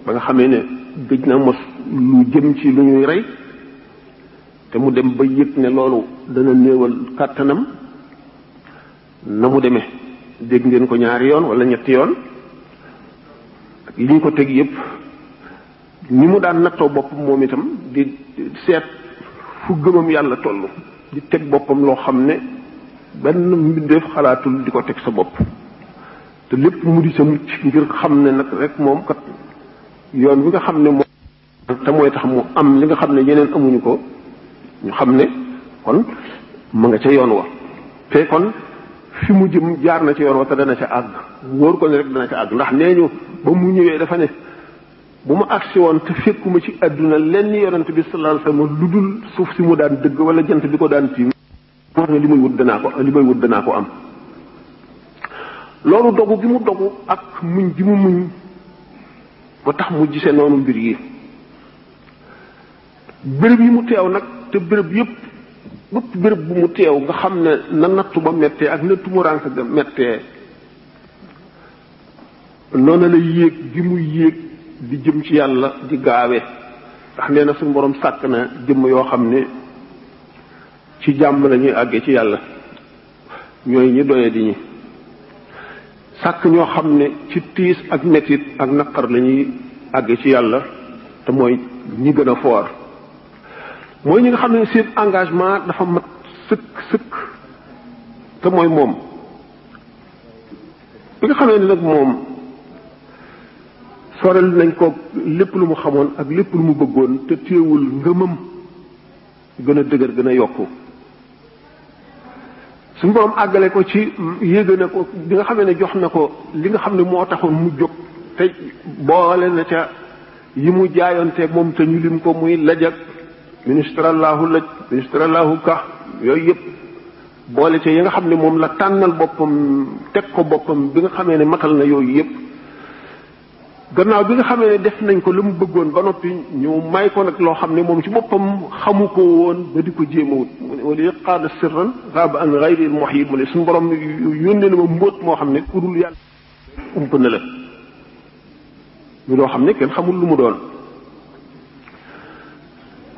ba nga xamee ne gëj na mos lu jëm ci lu ñuy rey te mu dem ba yëg ne loolu dana néewal kàttanam na mu demee dégg ngeen ko ñaari yoon wala ñetti yoon li ko teg yëpp ni mu daan nattoo bopp moom itam di seet fu gëmam yàlla toll di teg boppam loo xam ne benn mbindeef xalaatul di ko teg sa bopp te lépp mu di sa mucc ngir xam ne nag rek moom kat yoon bi nga xam ne moom te mooy tax mu am li nga xam ne yeneen amuñu ko ñu xam ne kon mu nga ca yoon wa te kon fi mu jëm jaar na ci yoon wa te dana ca àgg wóor ko ne rek dana ca àgg ndax nee ñu ba mu ñëwee dafa ne bu ma agsi woon te fekkuma ci àdduna lenn yonent bi sallallahu alayhi wasallam lu dul suuf si mu daan dëgg wala jant bi ko daan tiim war na li muy wut danaa ko li may wut danaa ko am loolu dogu gi mu dogu ak muñ gi mu muñ ba tax mu jisee noonu mbir yi béréb yi mu teew nag te bërëb yëpp bërëb bu mu teew nga xam ne na nattu ba mettee ak na tumurànk ga mettee noonu la yéeg gi mu yéeg di jëm ci yàlla di gaawe ndax nee na suñu borom sàkk na jëmm yoo xam ne ci jàmm lañuy ñuy àggee ci yàlla ñooy ñi doye di ñi sàkk ñoo xam ne ci tiis ak metit ak naqar lañuy ñuy àggee ci yàlla te mooy ñi gën a foor mooy ñi nga xam ne seen engagement dafa mat sëkk sëkk te mooy moom bi nga xamee ne nag moom sorel nañ ko lépp lu mu xamoon ak lépp lu mu bëggoon te téewul ngëmam gën a dëgër gën a yokku su borom àggale ko ci yéege na ko bi nga xamee ne jox na ko li nga xam ne moo taxoon mu jóg te boole na ca yi mu jaayoonte moom te ñu lim ko muy lajak ministrallahu lëj ministrallahu ka yooyu yëpp boole ci yi nga xam ne moom la tànnal boppam teg ko boppam bi nga xamee ne matal na yooyu yëpp gannaaw bi nga xamee ne def nañ ko lu mu bëggoon ba noppi ñu may ko nag loo xam ne moom ci boppam xamu ko woon ba di ko jéem a wut wala qaada sirran raaba an gayri muhit mu ne suñu borom yónnee na ma moo xam ne ku dul yàlla ump na la lu doo xam ne kenn xamul lu mu doon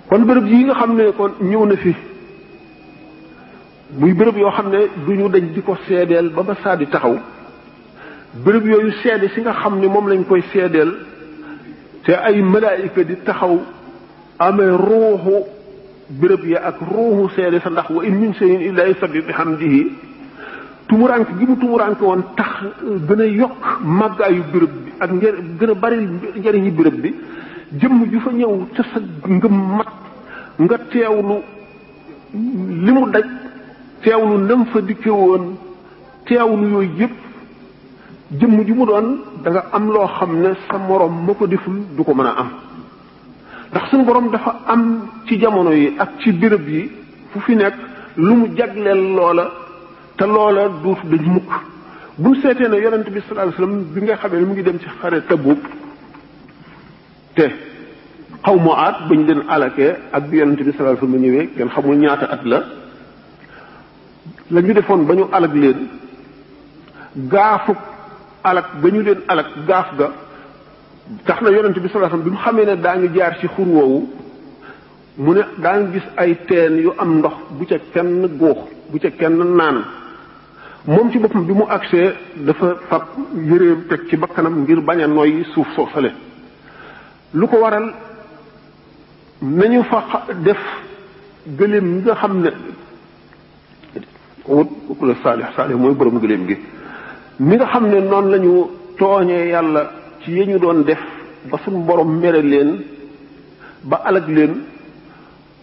kon bërëb yi nga xam ne kon ñëw na fi muy bërëb yoo xam ne du ñu dañ di ko seedeel ba ba saa taxaw bërëb yooyu seede si nga xam ne moom lañ koy seddeel te ay malaayika di taxaw amee ruuxu bërëb ya ak ruuxu seede sa ndax wa in min shay'in illa bi bihamdihi tumurank gi mu tumurank woon tax gën a yokk màggaayu bërëb bi ak njër bërëb bi jëmm ju fa ñëw ca sa ngëm mat nga teewlu li mu daj teewlu nam fa dikke woon teewlu yooyu yëpp jëmm ju mu doon da am loo xam ne sa moroom ma ko deful du ko mën a am ndax suñu borom dafa am ci jamono yi ak ci béréb yi fu fi nekk lu mu jagleel loola te loola duutu dañ mukk bu seetee ne yonent bi sallallahu alayhi wasallam bi nga xamee ne mu ngi dem ci xare Tabuk te xaw ma aat bañ leen alakee ak bi yonente bi sallallahu alayhi wasallam ñëwee kenn xamul ñaata at la la defoon ba ñu alak leen gaafu alak ba ñu leen alak gaaf ga tax na yonente bi sallallahu bi mu xamee ne daa ngi jaar ci xur woowu mu ne daa ngi gis ay teen yu am ndox bu ca kenn góox bu ca kenn naan moom ci boppam bi mu agsee dafa fab yëreem teg ci bakkanam ngir bañ a noyyi suuf soosale lu ko waral nañu fa def gëléem nga xam ne wut la saalix saalix mooy borom gëléem gi mi nga xam ne noon lañu ñu tooñee yàlla ci yi ñu doon def ba suñ borom mere leen ba alag leen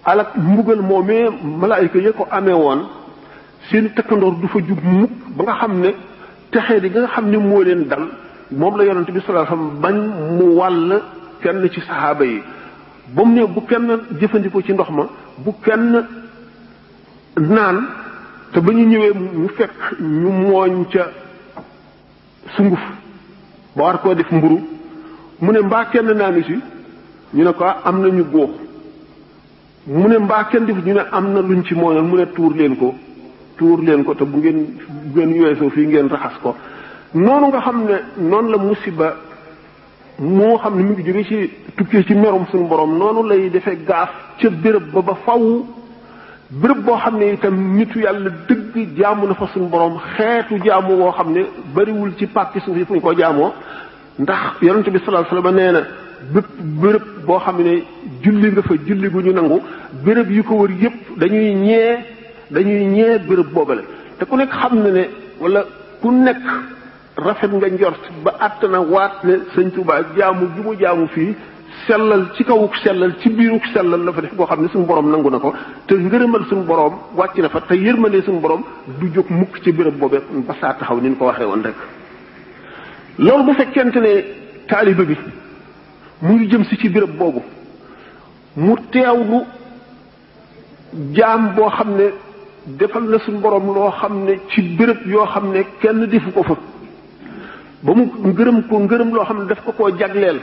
alag mbugal moomee malaayka ya ko amee woon seen takkandoor du fa jub mukk ba nga xam ne texee di nga xam ne moo leen dal moom la yonent bi sallallahu alayhi wasallam bañ mu wàll kenn ci saxaaba yi ba mu ne bu kenn jëfandikoo ci ndox ma bu kenn naan te ba ñu ñëwee mu fekk ñu mooñ ca sunguf ba war koo def mburu mu ne mbaa kenn naanu si ñu ne ko ah, am na ñu góox mu ne mbaa kenn def ñu ne am na luñ ci mooñal mu ne tuur leen ko tuur leen ko te bu ngeen bu ngeen weesoo fii ngeen raxas ko noonu nga xam ne noonu la musiba moo xam ne mu ngi jóge ci tukkee ci merum suñu borom noonu lay defee gaaf ca béréb ba ba faw bërëb boo xam ne itam nitu yàlla dëgg jaamu na fa suñu borom xeetu jaamu woo xam ne bariwul ci pàkki suuf yi fu ñu ko jaamoo ndax yonente bi sallallahu alayhi wasallam nee na bépp bërëb boo xam ne julli nga fa julli bu ñu nangu béréb yu ko wër yépp dañuy ñee dañuy ñee bërëb boobale te ku nekk xam na ne wala ku nekk rafet nga njort ba àtt na waat ne sëñ Tuubaa jaamu ju mu jaamu fii sellal ci kawuk sellal ci biiruk sellal la fa def boo xam ne suñu borom nangu na ko te ngërëmal suñu borom wàcc na fa te yërmande suñu borom du jóg mukk ci béréb boobee ba saa taxaw ni ko waxee woon rek. loolu ne taaliba bi mu ngi jëm si ci béréb boobu mu teewlu jaam boo xam ne defal na suñ boroom loo xam ne ci béréb yoo xam ne kenn defu ko fa. ba mu ngërëm ko ngërëm loo xam ne daf ko koo jagleel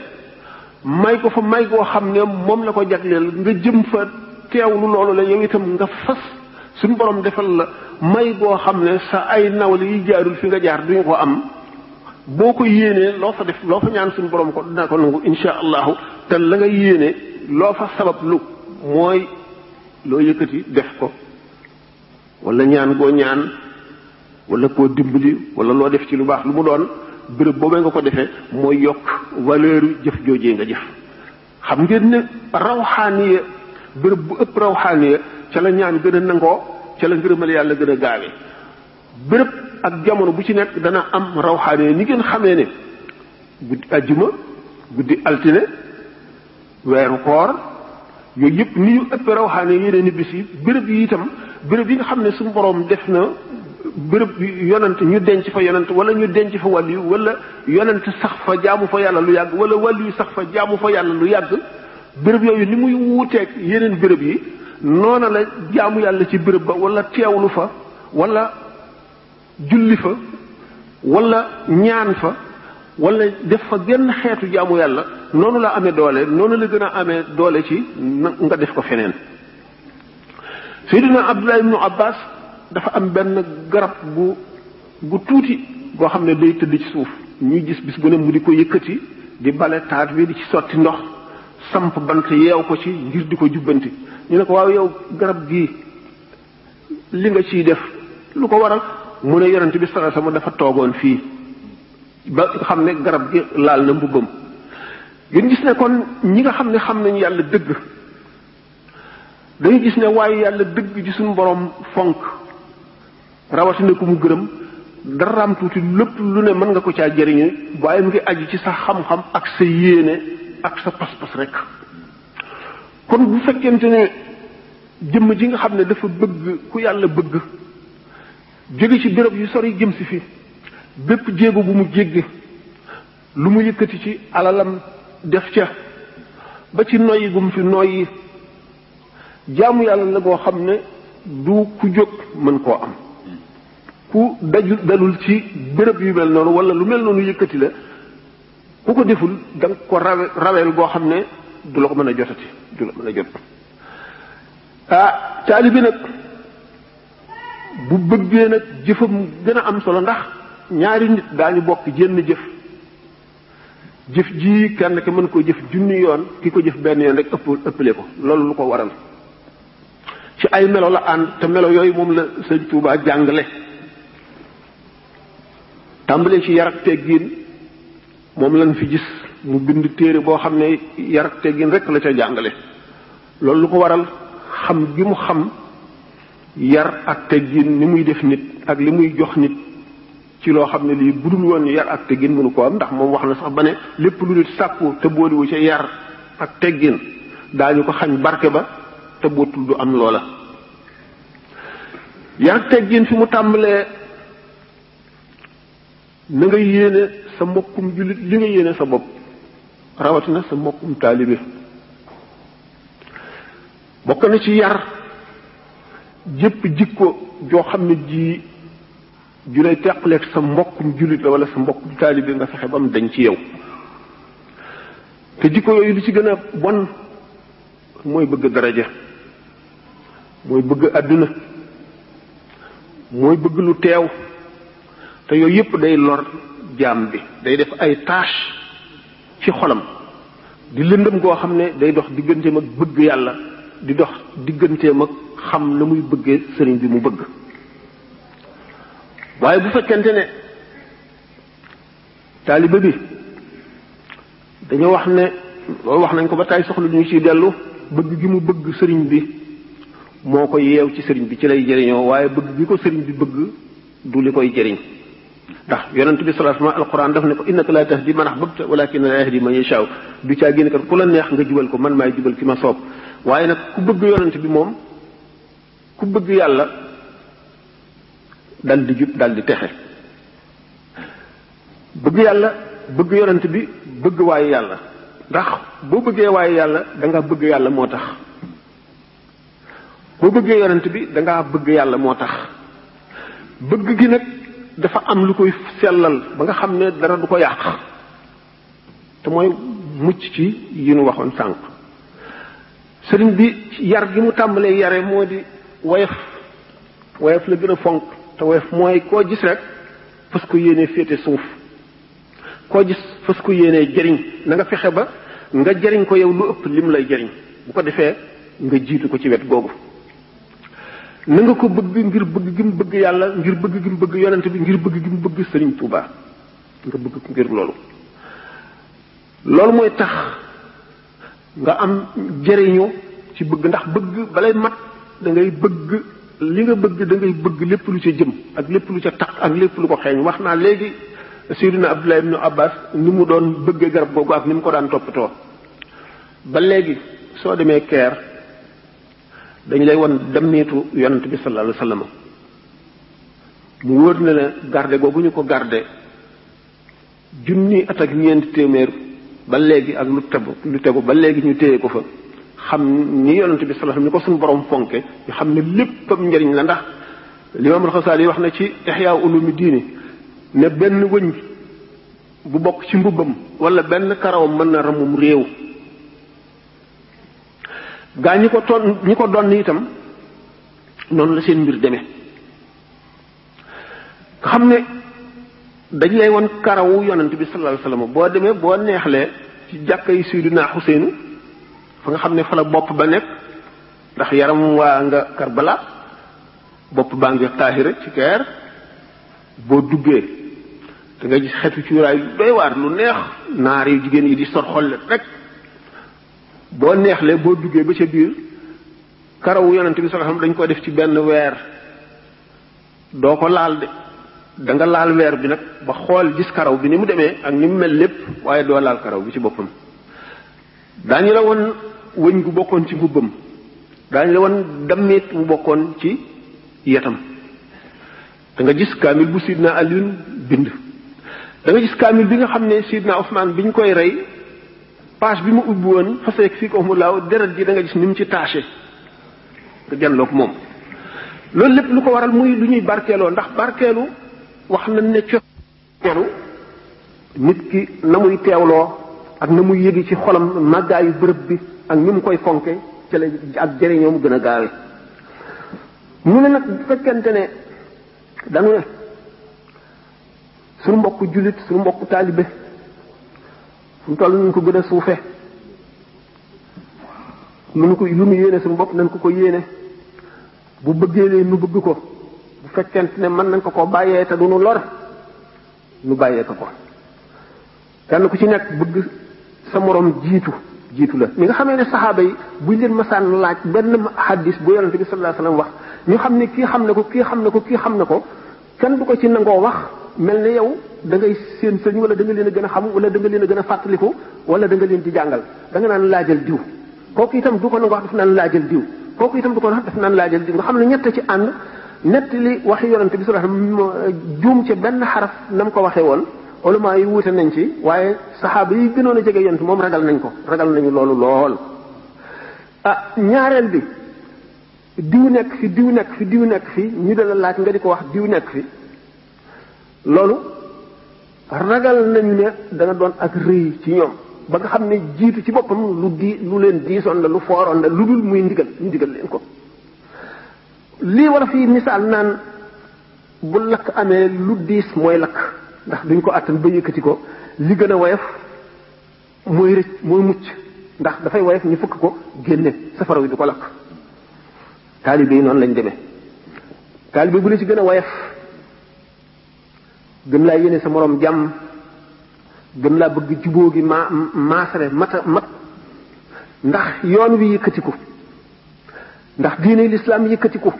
may ko fa may goo xam ne moom la ko jagleel nga jëm fa teewlu loolu la yow itam nga fas suñu borom defal la may goo xam ne sa ay nawle yi jaarul fi nga jaar duñu ko am boo ko yéenee loo fa def loo fa ñaan suñu borom ko dina ko nangu insha allahu te la nga yéene loo fa sabab lu mooy loo yëkkati def ko wala ñaan goo ñaan wala koo dimbali wala loo def ci lu baax lu mu doon bërëb boobee nga ko defee mooy yokk valeur jëf joojee nga jëf xam ngeen ne rawxaaniya bërëb bu ëpp rawxaaniya ca la ñaan gën a nangoo ca la ngërëmal yàlla gën a gaawe bërëb ak jamono bu ci nekk dana am rawxaaniya ni ngeen xamee ne guddi ajjuma guddi altine weeru koor yooyu yëpp ni ñu ëpp rawxaaniya yeneen i bërëb yi itam bërëb yi nga xam ne suñu borom def na bërëb yonent ñu denc fa yonent wala ñu denc fa wàll yu wala yonent sax fa jaamu fa yàlla lu yàgg wala wàll yu sax fa jaamu fa yàlla lu yàgg bërëb yooyu ni muy wuuteeg yeneen bërëb yi noona la jaamu yàlla ci bërëb ba walla teewlu fa wala julli fa wala ñaan fa wala def fa genn xeetu jaamu yàlla noonu la amee doole noonu la gën a amee doole ci nga def ko feneen Seydina Abdullah ibnu Abbas dafa am benn garab gu gu tuuti goo xam ne day tëdd ci suuf ñuy gis bis bu ne mu di ko yëkkati di bale taat bi di ci sotti ndox samp bant yeew ko ci ngir di ko jubbanti ñu ne ko waaw yow garab gii li nga ciy def lu ko waral mu ne yonent bi sallallahu alayhi toogoon fii ba ne garab gi laal na mbubbam ngeen gis ne kon ñi nga xam ne xam nañu yàlla dëgg dañu gis ne waaye yàlla dëgg ji suñu borom fonk rawatina ku mu gërëm daraam tuuti lépp lu ne mën nga ko caa jëriñu waaye mu ngi aju ci sa xam-xam ak sa yéene ak sa pas-pas rek kon bu fekkente ne jëmm ji nga xam ne dafa bëgg ku yàlla bëgg jóge ci béréb yu sori jëm si fi bépp jéego bu mu jéggi lu mu yëkkati ci alalam def ca ba ci noyyi gum fi noyyi jaamu yàlla la goo xam ne du ku jóg mën koo am ku daju dalul ci béréb yu mel noonu wala lu mel noonu yëkkati la ku ko deful da nga ko raweel boo xam ne du la ko mën a jotati du la mën a jot ah bi nag bu bëggee nag jëfam gën a am solo ndax ñaari nit daañu bokk jenn jëf jëf ji kenn ki mën koo jëf junni yoon ki ko jëf benn yoon rek ëpp ëppale ko loolu lu ko waral ci ay melo la ànd te melo yooyu moom la sëñ Tuubaa jàngale tàmbalee ci yar ak teggin moom lañ fi gis mu bind téere boo xam ne yar ak teggin rek la ca jàngale loolu lu ko waral xam gi mu xam yar ak teggin ni muy def nit ak li muy jox nit ci loo xam ne lii budul woon yar ak teggin mënu ko am ndax moom wax na sax ba ne lépp lu nit sàkku te booliwu ca yar ak teggin daañu ko xañ barke ba te bootul du am loola yar ak teggin fi mu tàmbalee na nga yéene sa mbokkum jullit li nga yéene sa bopp rawatina sa mbokkum taalibe bokk na ci yar jëpp jikko joo xam ne ji ju lay teqaleeg sa mbokkum jullit la wala sa mbokkum taalibe nga fexe ba dañ ci yow te jikko yooyu li ci gën a bon mooy bëgg daraja mooy bëgg àdduna mooy bëgg lu teew te yooyu yëpp day lor jaam bi day def ay tâche ci xolam di lëndëm goo xam ne day dox digganteem ak bëgg yàlla di dox digganteem ak xam na muy bëggee sëriñ bi mu bëgg waaye bu fekkente ne taalibe bi dañoo wax ne loolu wax nañ ko ba tay soxla ñu ci dellu bëgg gi mu bëgg sëriñ bi moo ko yeew ci sëriñ bi ci lay jëriñoo waaye bëgg gi ko sëriñ bi bëgg du li koy jëriñ ndax yonent bi sallallahu alayhi wa sallam alquran daf ne ko innaka laa tahdi man ahbabta walakin allah yahdi man yashaa du caa génn kat ku la neex nga jubal ko man maay jubal ki ma soob waaye nag ku bëgg yonent bi moom ku bëgg yàlla dal di jub dal di texe bëgg yàlla bëgg yonent bi bëgg waaye yàlla ndax boo bëggee waaye yàlla da bëgg yàlla moo tax boo bëggee yonent bi da bëgg yàlla moo tax nag dafa am lu koy sellal ba nga xam ne dara du ko yàq te mooy mucc ci yi waxoon sànq sëriñ bi yar gi mu tàmbalee yare moo di woyof woyof la gën a fonk te woyof mooy koo gis rek fës ko yéene féete suuf koo gis fës ko yéenee jëriñ na nga fexe ba nga jëriñ ko yow lu ëpp lim lay jëriñ bu ko defee nga jiitu ko ci wet googu na ko bëgg ngir bëgg gi mu bëgg yàlla ngir bëgg gi mu bëgg yonent bi ngir bëgg gi mu bëgg sëriñ Tuuba nga bëgg ko ngir loolu loolu mooy tax nga am jëriñoo ci bëgg ndax bëgg balay mat da ngay bëgg li nga bëgg dangay bëgg lépp lu ca jëm ak lépp lu ca tax ak lépp lu ko xeeñ wax naa léegi Seydina Abdullah ibnu Abbas ni mu doon bëggee garab googu ak ni mu ko daan toppatoo ba léegi soo demee Caire dañ lay won dem nitu yonent bi sallallahu alayhi mu wóor na ne garde googu ñu ko garde junni at ak ñeenti téeméer ba léegi ak lu tegu lu tegu ba léegi ñu téye ko fa xam ni yonent bi sallallahu alayhi ko suñu borom fonke ñu xam ne léppam njariñ la ndax limaam alxasaali yi wax na ci ixyaa ulumi diini ne benn wëñ bu bokk ci mbubbam wala benn karawam mën na ramum réew gaa ñi ko ton ñi ko donn itam noonu la seen mbir demee xam ne dañ lay won karawu yonent bi sallallahu alayhi boo demee boo neexlee ci jàkka yi Seydina Xuseyn fa nga xam ne fa la bopp ba nekk ndax yaram waa nga Karbala bopp baa ngi Taahira ci Caire boo duggee da nga gis xetu cuuraay doy waar lu neex naar yu jigéen yi di sor xollet rek boo neexlee boo duggee ba ca biir karawu yonent bi sax xam dañ ko def ci benn weer doo ko laal de da laal weer bi nag ba xool gis karaw bi ni mu demee ak ni mu mel lépp waaye doo laal karaw bi ci boppam daañu la won wëñ gu bokkoon ci mbubbam daañu la won dammit bu bokkoon ci yetam danga gis kaamil bu sidna Alioune bind da nga gis kaamil bi nga xam ne sidna Ousmane bi ñu koy rey page bi mu ubbi woon fa fekk ko mu laaw deret ji da nga ni mu ci taché nga delloog moom loolu lépp lu ko waral muy lu ñuy barkeeloo ndax barkeelu wax nañ ne coxeelu nit ki na muy teewloo ak na muy yëgi ci xolam màggaayu bërëb bi ak ni mu koy fonke ci la ak jëriñoo mu gën a gaawe mu ne nag bu fekkente ne dañu ne suñu mbokk jullit suñu mbokk taalibe fu mu toll nañ ko gën a suufe nu ko lu nu yéene suñu bopp nañ ko ko yéene bu bëggee lee nu bëgg ko bu fekkent ne mën nañ ko ko bàyyee te du nu lor nu bàyyee ko ko kenn ku ci nekk bëgg sa moroom jiitu jiitu la mi nga xamee ne saxaaba yi buñ leen masaan laaj benn xaddis bu yonente bi sallallahu alayhi wasallam wax ñu xam ne kii xam na ko kii xam na ko kii xam na ko kenn du ko ci nangoo wax mel ne yow da ngay seen sëñ wala da nga leen a gën a xam wala da nga leen a gën a fàttaliku wala da nga leen di jàngal da nga naan laajal diw kooku itam du ko nanga wax daf naan laajal diw kooku itam du ko wax daf naan laajal diw nga xam ne ñett ci ànd ñett li waxi yonante bi sallallahu alayhi wasallam juum ci benn xaraf na mu ko waxee woon ulama yi wuute nañ ci waaye saxaaba yi gënoon a jege yonent moom ragal nañ ko ragal nañu loolu lool ah ñaareel bi diw nekk fi diw nekk fi diw nekk fi ñu dala laaj nga di ko wax diw nekk fi loolu ragal nañu ne dana doon ak rëy ci ñoom ba nga xam ne jiitu ci boppam lu di lu leen diisoon la lu fooroon la lu dul muy ndigal ñu digal leen ko lii war a fii misaal naan bu lakk amee lu diis mooy lakk ndax duñ ko àttan ba yëkkati ko li gën a woyof mooy rëcc mooy mucc ndax dafay woyof ñu fukk ko génne safara wi du ko lakk taalibe yi noonu lañ demee taalibe bu la ci gën a woyof gën laa yéene sa moroom jàmm gën laa bëgg jubóo gi ma maasare mat a mat ndax yoon wi yëkkatiku ndax diine lislaam yëkkatiku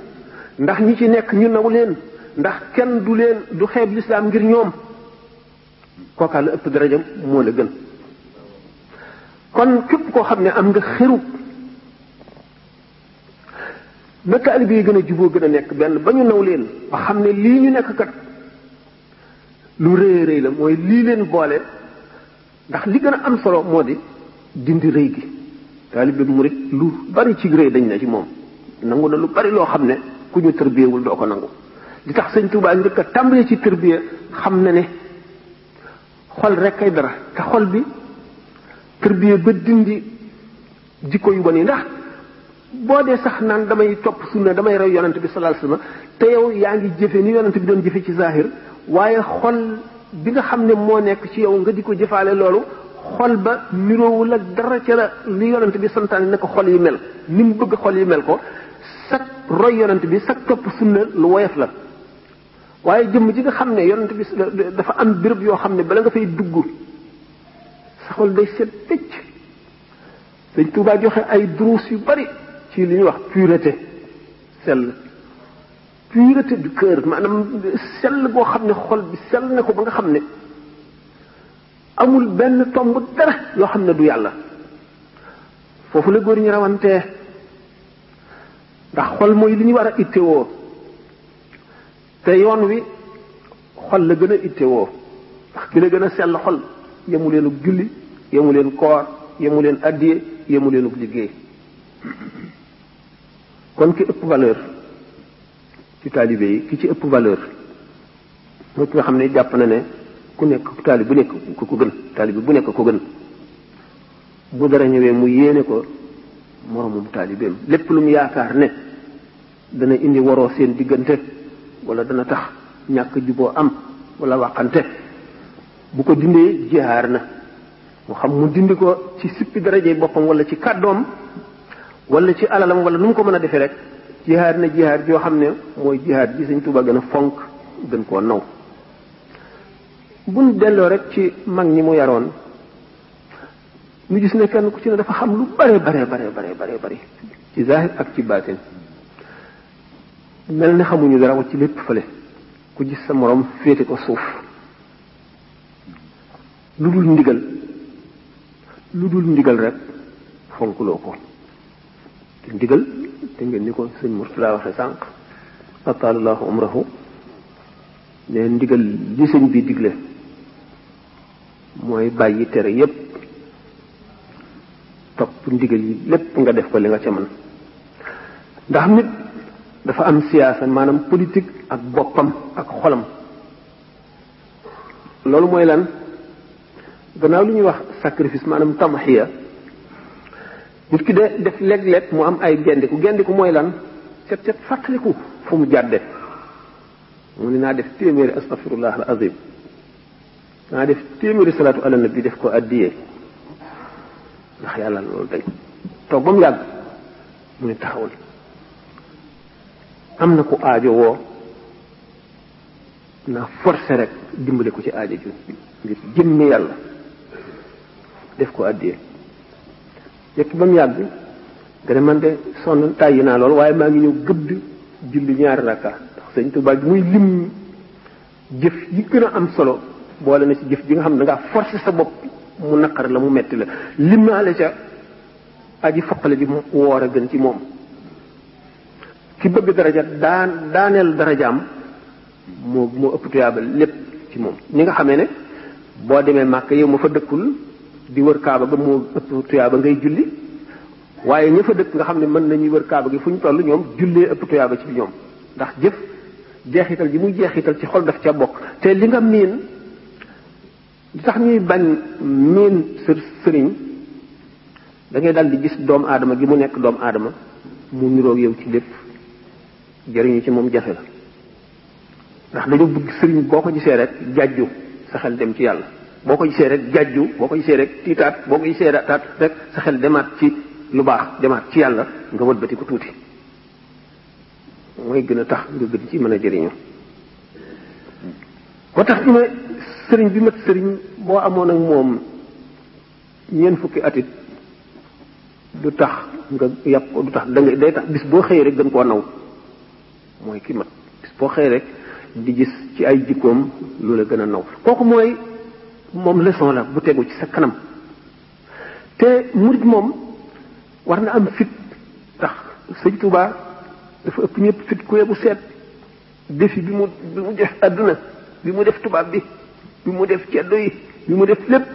ndax ñi ci nekk ñu naw leen ndax kenn du leen du xeeb lislaam ngir ñoom kookaa la ëpp daraja moo la gën kon képp koo xam ne am nga xëru na taalibe gën a juboo gën a nekk benn ba ñu naw leen ba xam ne lii ñu nekk kat lu rëy rëy la mooy lii leen boole ndax li gën a am solo moo di dindi rëy gi taalib bi murit lu bari ci rëy dañ na ci moom nangu na lu bari loo xam ne ku ñu tërbiyewul doo ko nangu li tax sëñ Tuubaa njëkk a tàmbalee ci tërbiye xam na ne xol rek ay dara te xol bi tërbiye ba dindi jikko yu bon yi ndax boo dee sax naan damay topp sunna damay rew yonent bi sallallahu alayhi wasallam te yow yaa ngi jëfe ni yonent bi doon jëfe ci zahir waaye xol bi nga xam ne moo nekk ci yow nga di ko jëfaale loolu xol ba niroowul ak dara ca la li yonent bi santaane na ko xol yi mel ni mu bëgg xol yi mel ko sag roy yonent bi sag topp sunna lu woyof la waaye jëmm ji nga xam ne yonent bi dafa am béréb yoo xam ne bala nga fay dugg sa xol day set tëcc dañ tuubaa joxe ay duruus yu bari ci li ñuy wax pureté sell pureté tëdd cœur maanaam sell boo xam ne xol bi sell na ko ba nga xam ne amul benn tomb dara yoo xam ne du yàlla foofu la góor ñi rawantee ndax xol mooy li ñu war a ittewoo te yoon wi xol la gën a ittewoo ndax ki la gën a sell xol yemu leenug julli yemu leen koor yemu leen addiye yemu leenug liggéey kon ki ëpp valeur ci taalibe yi ki ci ëpp valeur mooy ki xam ne jàpp na ne ku nekk taalib bu nekk ku ko gën taalib bu nekk ko gën bu dara ñëwee mu yéene ko moromum taalibeem lépp lu mu yaakaar ne dana indi waroo seen diggante wala dana tax ñàkk juboo am walla waxante bu ko dindee jihaar na mu xam mu dindi ko ci sippi daraje boppam wala ci kàddoom wala ci alalam wala nu mu ko mën a defee rek jihaad na jihaad joo xam ne mooy jihaad bi Sëñ Tuubaa gën a fonk gën koo naw buñ delloo rek ci mag ñi mu yaroon ñu gis ne kenn ku ci ne dafa xam lu bare bare bare bare bare bare ci zaahir ak ci baatin mel ni xamuñu dara ci lépp fële ku gis sa moroom féete ko suuf lu dul ndigal lu dul ndigal rek fonkuloo ko ndigal te ngeen ni ko sëñ Murtada waxe sànq ataalallahu umrahu ne ndigal li sëñ bii digle mooy bàyyi tere yépp topp ndigal yi lépp nga def ko li nga ca man ndax nit dafa am siyaasa maanaam politique ak boppam ak xolam loolu mooy lan gannaaw lu ñuy wax sacrifice maanaam tamxiya nit ki def léeg-léeg mu am ay gendiku gendiku mooy lan cet cet fàttaliku fu mu jàdde mu ne naa def téeméeri astafirullah al azim naa def téeméeri salaatu ala nabi def ko addiyee ndax yàlla loolu day toog ba mu yàgg mu ne am na ku aajo woo naa forcé rek dimbale ko ci aajo ju ngir jëmmi def ko addiyee jekki ba mu yàgg nga ne man de sonn tàyyi naa lool waaye maa ngi ñëw gëdd julli ñaari rakka ndax sëñ Tuubaa bi muy lim jëf yi gën a am solo boole na ci jëf ji nga xam ne dangaa forcé sa bopp mu naqar la mu metti la limaale ca aji foqale ji woor a gën ci moom ki bëgg daraja daan daaneel darajaam moo moo ëpp tuyaabal lépp ci moom ni nga xamee ne boo demee màkk yow ma fa dëkkul di wër kaaba ga moo ëpp tuyaaba ngay julli waaye ña dëkk nga xam ne mën nañuy wër kaaba gi fu ñu toll ñoom jullee ëpp tuyaaba ci ñoom ndax jëf jeexital ji muy jeexital ci xol daf ca bokk te li nga miin li tax ñuy bañ miin sëriñ da ngay dal di gis doomu aadama gi mu nekk doomu aadama mu niroog yow ci lépp jëriñu ci moom jafe la ndax dañoo bëgg sëriñ boo ko gisee rek jàjju sa xel dem ci yàlla boo ko gisee rek jàjju boo ko gisee rek tiitaat boo ko gisee taat rek sa xel demaat ci lu baax demaat ci yàlla nga wëlbati ko tuuti mooy gën a tax nga gën ci mën a jariñu boo tax ñu ne sëriñ bi mat sëriñ boo amoon ak moom ñeent fukki atit du tax nga yàpp du tax da ngay day tax bis boo xëyee rek gën koo naw mooy ki mat bis boo xëyee rek di gis ci ay jikkoom lu la gën a naw kooku mooy moom leçon la bu tegu ci sa kanam te murit moom war na am fit ndax sëñ Tuubaa dafa ëpp ñëpp fit ku yebu seet defi bi mu bi mu def àdduna bi mu def tubaab bi bi mu def ceddo yi bi mu def lépp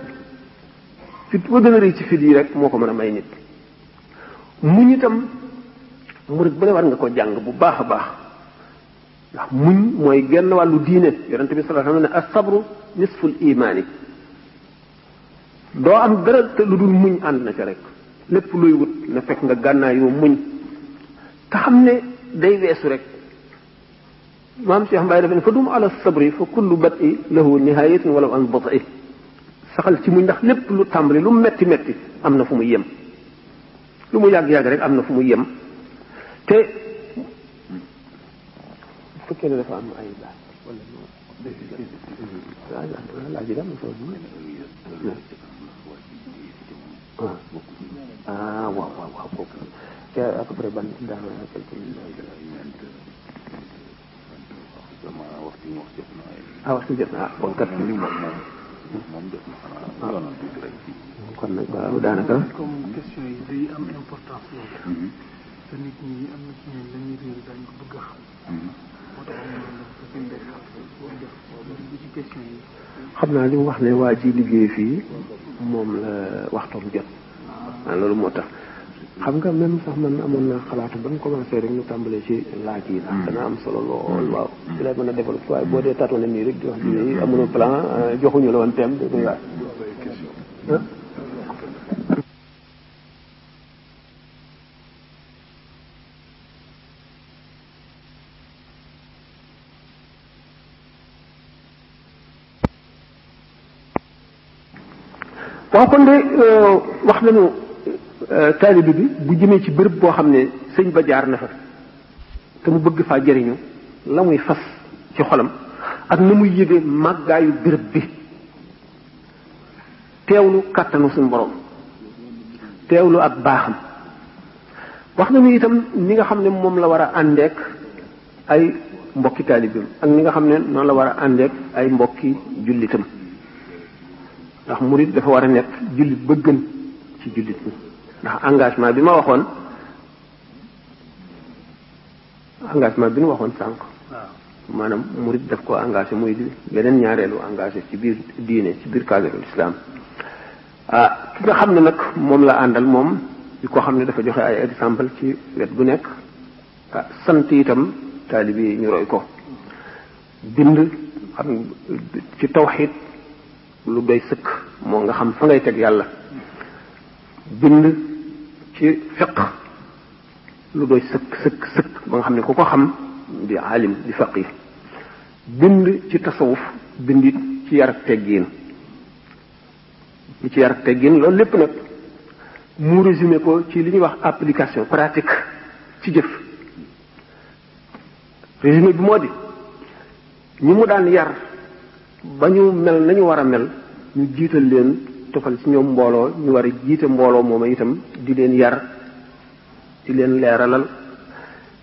fit ba gën a rëy ci fit yi rek moo ko mën a may nit muñ itam murit bu ne war nga ko jàng bu baax a baax ndax muñ mooy genn wàllu diine yonente bi sallallahu alayhi wa sallam ne as sabru nisful imaani doo am dara lu dul muñ ànd na ca rek lépp luy wut na fekk nga gànnaay yoo muñ te xam ne day weesu rek maam Cheikh Mbaye dafa ne fa dum ala sabri fa kullu bat i lahu nihayatun walaw an bata saxal ci muñ ndax lépp lu tàmbali lu metti metti am na fu muy yem lu mu yàgg-yàgg rek am na fu muy yem te fekkee ne dafa am ay laaj Ah, متوازنين اه واو واو واو تقريبا اه وقت جبنا وانكرت لي daanaka. comme question xam naa li mu wax ne waa ji liggéey fii moom la waxtoom jot ah loolu moo tax xam nga même sax man amoon naa xalaatu ba ñu commencé rek ñu tàmbalee ci laaj yi ndax dana am solo lool waaw ci lay mën a développé waaye boo dee tatoone nii rek di wax ji amuloo plan joxuñu la woon thème kon de euh, wax nañu euh, taalibe bi bu jëmee ci bërëb boo xam ne sëñ ba jaar na fa te mu bëgg faa jariñu la muy fas ci xolam ak na muy yëge màggaayu bërëb bi teewlu kàttanu suñu borom teewlu ak baaxam wax na nañu itam ni nga xam ne moom la war a àndeek ay mbokki taalibeem ak ni nga xam ne noonu la war a àndeek ay mbokki jullitam ndax murid dafa war a nekk jullit ba gën ci jullit ñi ndax engagement bi ma waxoon engagement bi nu waxoon sànq maanaam murid daf ko engagé muy di beneen ñaareelu engagé ci biir diine ci biir cadre islam ah ki nga xam ne nag moom la àndal moom di ko xam ne dafa joxe ay exemple ci wet bu nekk ah, sant itam taalibi ñu roy ko bind xam ci tawxid lu doy sëkk moo nga xam fa ngay teg yàlla bind ci fiq lu doy sëkk sëkk sëkk ba nga xam ne ku ko xam di alim di faqih bind ci tasawuf bindit ci yar ak teggiin ci yar ak teggiin loolu lépp nag mu résumé ko ci li ñuy wax application pratique ci jëf résumé bi moo di ñi mu daan yar ba ñu mel nañu war a mel ñu jiital leen tofal ci ñoom mbooloo ñu war a jiite mbooloo moom itam di leen yar di leen leeralal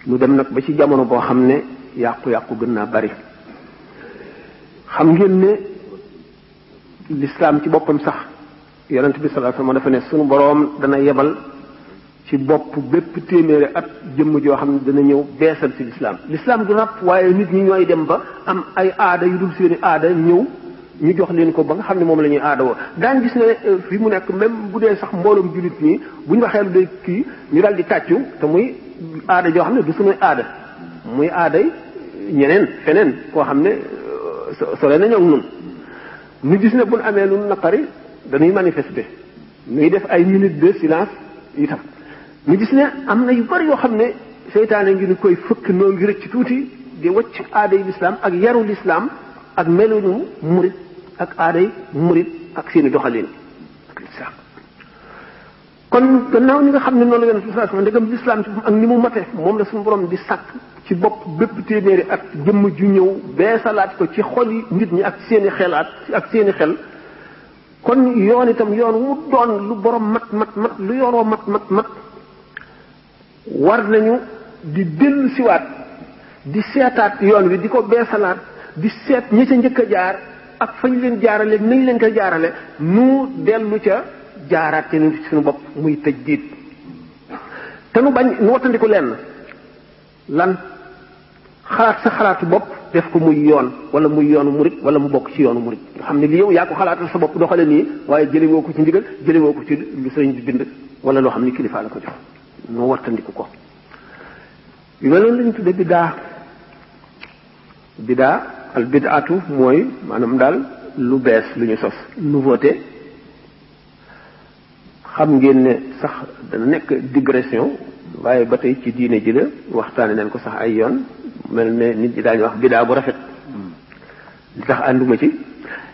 ñu dem nag ba ci jamono boo xam ne yàqu-yàqu gën naa bari xam ngeen ne lislaam ci boppam sax yonent bi sallallahu alayhi wasallam dafa ne sunu boroom dana yebal ci bopp bépp téeméeri at jëmm joo xam ne dana ñëw beesal ci lislaam lislaam du rab waaye nit ñi ñooy dem ba am ay aada yu dul seeni aada ñëw ñu jox leen ko ba nga xam ne moom la ñuy aada woo daan gis ne euh, fi mu nekk même bu dee sax mbooloom jullit ñi bu ñu waxee lu day kii ñu daal di tàccu te muy aada joo xam ne du suñuy aada muy aaday ñeneen feneen koo xam ne euh, sole nañu ak nun ñu gis ne buñ amee lu naqari dañuy manifester ñuy def ay minutes de silence itam ñu gis ne am na yu bari yoo xam ne seytaane ngi ñu koy fëkk noo ngi rëcc tuuti di wacc aaday lislaam ak yaru lislaam ak meluñu murit ak aaday murit ak seeni doxalin ak lislaam kon gannaaw ñi nga xam ne noonu la yonent bi sallallahu alayhi ci ak ni mu mate moom la suñu di sàkk ci bopp bépp téeméeri ak jëmm ju ñëw salaat ko ci xol yi nit ñi ak seeni xelaat ak seeni xel kon yoon itam yoon wu doon lu borom mat mat mat lu yoonoo mat mat mat war nañu di dellu siwaat di seetaat yoon wi di ko beesalaat di seet ñi ca njëkk a jaar ak fañ leen jaarale nañ leen ko jaarale nu dellu ca jaaraat te ci suñu bopp muy tëj diit te nu bañ nu wattandiku lenn lan xalaat sa xalaatu bopp def ko muy yoon wala muy yoonu murit wala mu bokk ci yoonu murit nga xam ne li yow yaa ko xalaatal sa bopp doxale nii waaye jële woo ko ci ndigal jële woo ko ci lu sëriñ bind wala loo xam ne kilifaa la ko jox nu wattandiku ko yu mel noonu lañu tudde biddaa biddaa al bidaatu mooy maanaam daal lu bees lu ñu sos nouveauté xam ngeen ne sax dana nekk digression waaye ba tey ci diine ji la waxtaane nañ ko sax ay yoon mel ne nit ñi daañu wax bidaa bu rafet hmm. li tax ànduma ci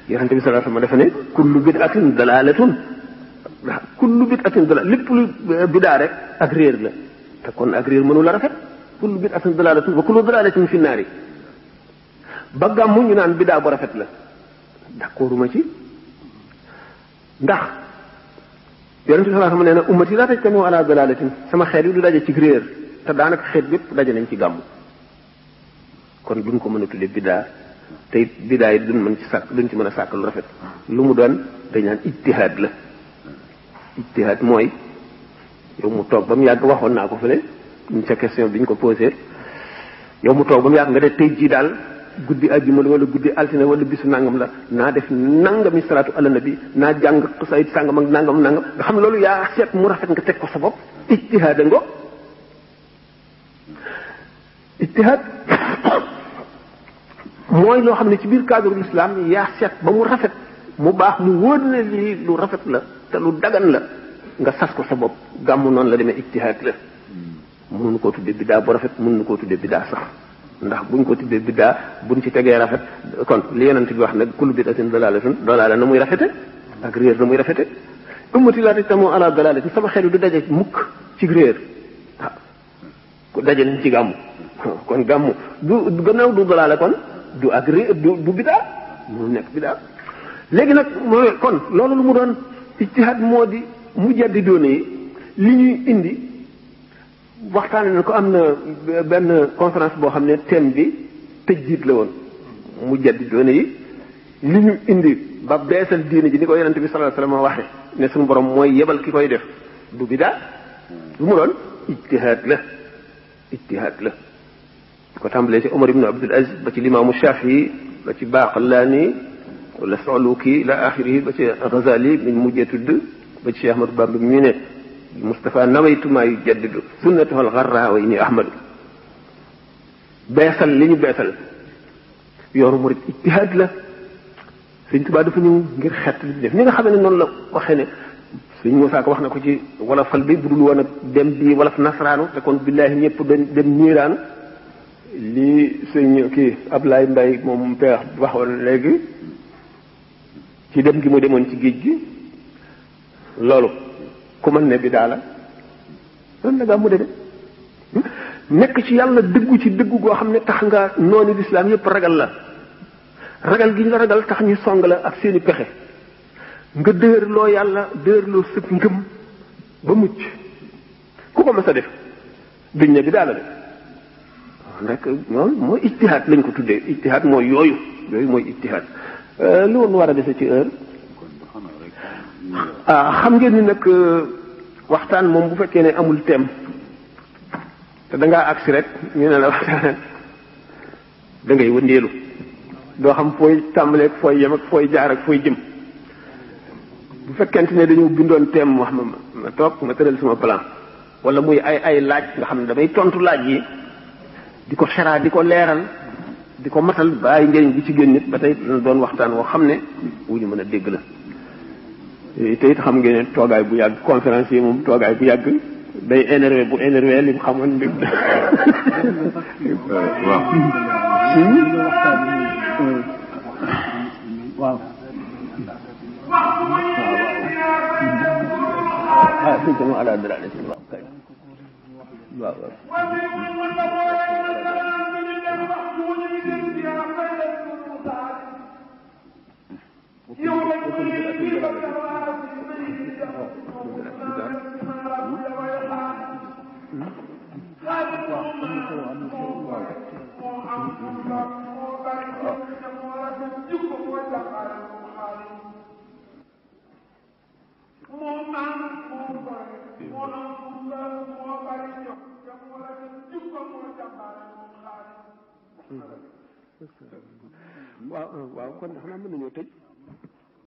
yonente bi sallallahu alayhi wasallam dafa ne kullu bid'atin dalalatun waaw kullu bit atin dala lépp lu euh, bidaa rek ak réer la te kon ak réer mënu la rafet kullu bit atin dalalatun wa kullu dalalatin fi naari ba gàmmu ñu naan biddaa bu rafet la d'accord ci ndax yonent bi sallallahu alayhi wa sallam nee na ummati sama xeet yi du daje ci réer te daanaka xeet bépp daje nañ ci gàmmu kon duñ ko mën a tuddee bidaa te it bidaa yi duñ mën ci sàkk duñ ci mën a sàkk lu rafet lu mu doon dañ naan ijtihaad la ijtihad moy, yow mu toog ba mu yàgg waxoon naa ko fële ñu ca question bi ñu ko posé yow mu toog ba mu nga de guddi wala guddi altine wala bisu nangam la na def nangami salatu ala nabi na jàng sayit sangam ak nangam nangam nga xam loolu yaa seet mu rafet nga teg ko sa bopp ijtihad nga ijtihad mooy loo xam ci cadre l'islam ba mu rafet mu baax mu lu rafet la te lu dagan la nga sas ko sa bopp gàmmu noonu la demee ijtihaad la hmm. mënuñu koo tuddee biddaa bu rafet mënuñu koo tuddee biddaa sax ndax buñ ko tuddee biddaa buñ ci tegee rafet kon li bi wax nag kullu bidatin dalaalatun dalaala na muy rafete ak réer na muy rafete ummati laa tajtamu ala dalaalati sama xel du daje mukk ci réer ah ku daje nañ ci gàmmu kon gàmmu du gannaaw du dalaala kon du ak réer du du biddaa mu nekk biddaa léegi nag kon loolu lu mu doon ijtihaad moo di mujaddidoon yi li ñuy indi waxtaane na ko am na benn conférence boo xam ne thème bi tëj jiit la woon mujaddidoon yi li ñu indi ba beesal diine ji ni ko yonente bi salaa sallam waxe ne suñu borom mooy yebal ki koy def du bidaa lu mu doon ijtihaad la ijtihaad la ko tàmbalee ci omar ibnu abdul aziz ba ci limaamu shafii ba ci baaqalaani ولا سولو كي لا اخره با سي غزالي من موجيتو د با سي احمد بامب مي ني مصطفى نويت ما يجدد سنته الغراء ويني احمد بيسل لي ني بيسل يور مريد اجتهاد لا سيدنا تبا دفا نيو غير خات لي ديف نيغا خامني نون لا واخي ني موسى كو واخنا كو سي ولا فال بي بودول وانا ديم بي ولا نصرانو تا بالله نييب ديم نيران لي سيدنا كي ابلاي مباي موم بير واخون لغي ci dem gi mu demoon ci géej gi loolu ku mën ne bi daala loolu la gaa mu demee nekk ci yàlla dëggu ci dëggu goo xam ne tax nga noonu lislaam yépp ragal la ragal gi ñu la ragal tax ñu song la ak seeni pexe nga loo yàlla dëërloo sëg ngëm ba mucc ku ko mës a def duñ ne bi daala def rek moom mooy ijtihaad lañ ko tuddee ijtihaad mooy yooyu yooyu mooy ijtihaad Euh, lu war a dese ci heure ah, xam ngeen ni nag euh, waxtaan moom bu fekkee ne amul thème te da agsi rek ñu ne la waxtaan da ngay wëndeelu doo xam fooy tàmbaleeg fooy yem ak fooy jaar ak fooy jëm bu fekkente ne dañu bindoon thème wax ma ma toog ma tëral sama plan wala muy ay ay laaj nga xam ne damay tontu laaj yi di ko xeraa di ko leeral di ko matal ba ay njëriñ di ci génn nit ba tey doon waxtaan woo xam ne wu ñu mën a dégg la te xam ngeen ne toogaay bu yàgg conférence yi moom toogaay bu yàgg bay énervé bu énervé li mu xamoon bi waaw يوم القيامة في الجوار من waaw waaw kon xanaa mën nañoo tëj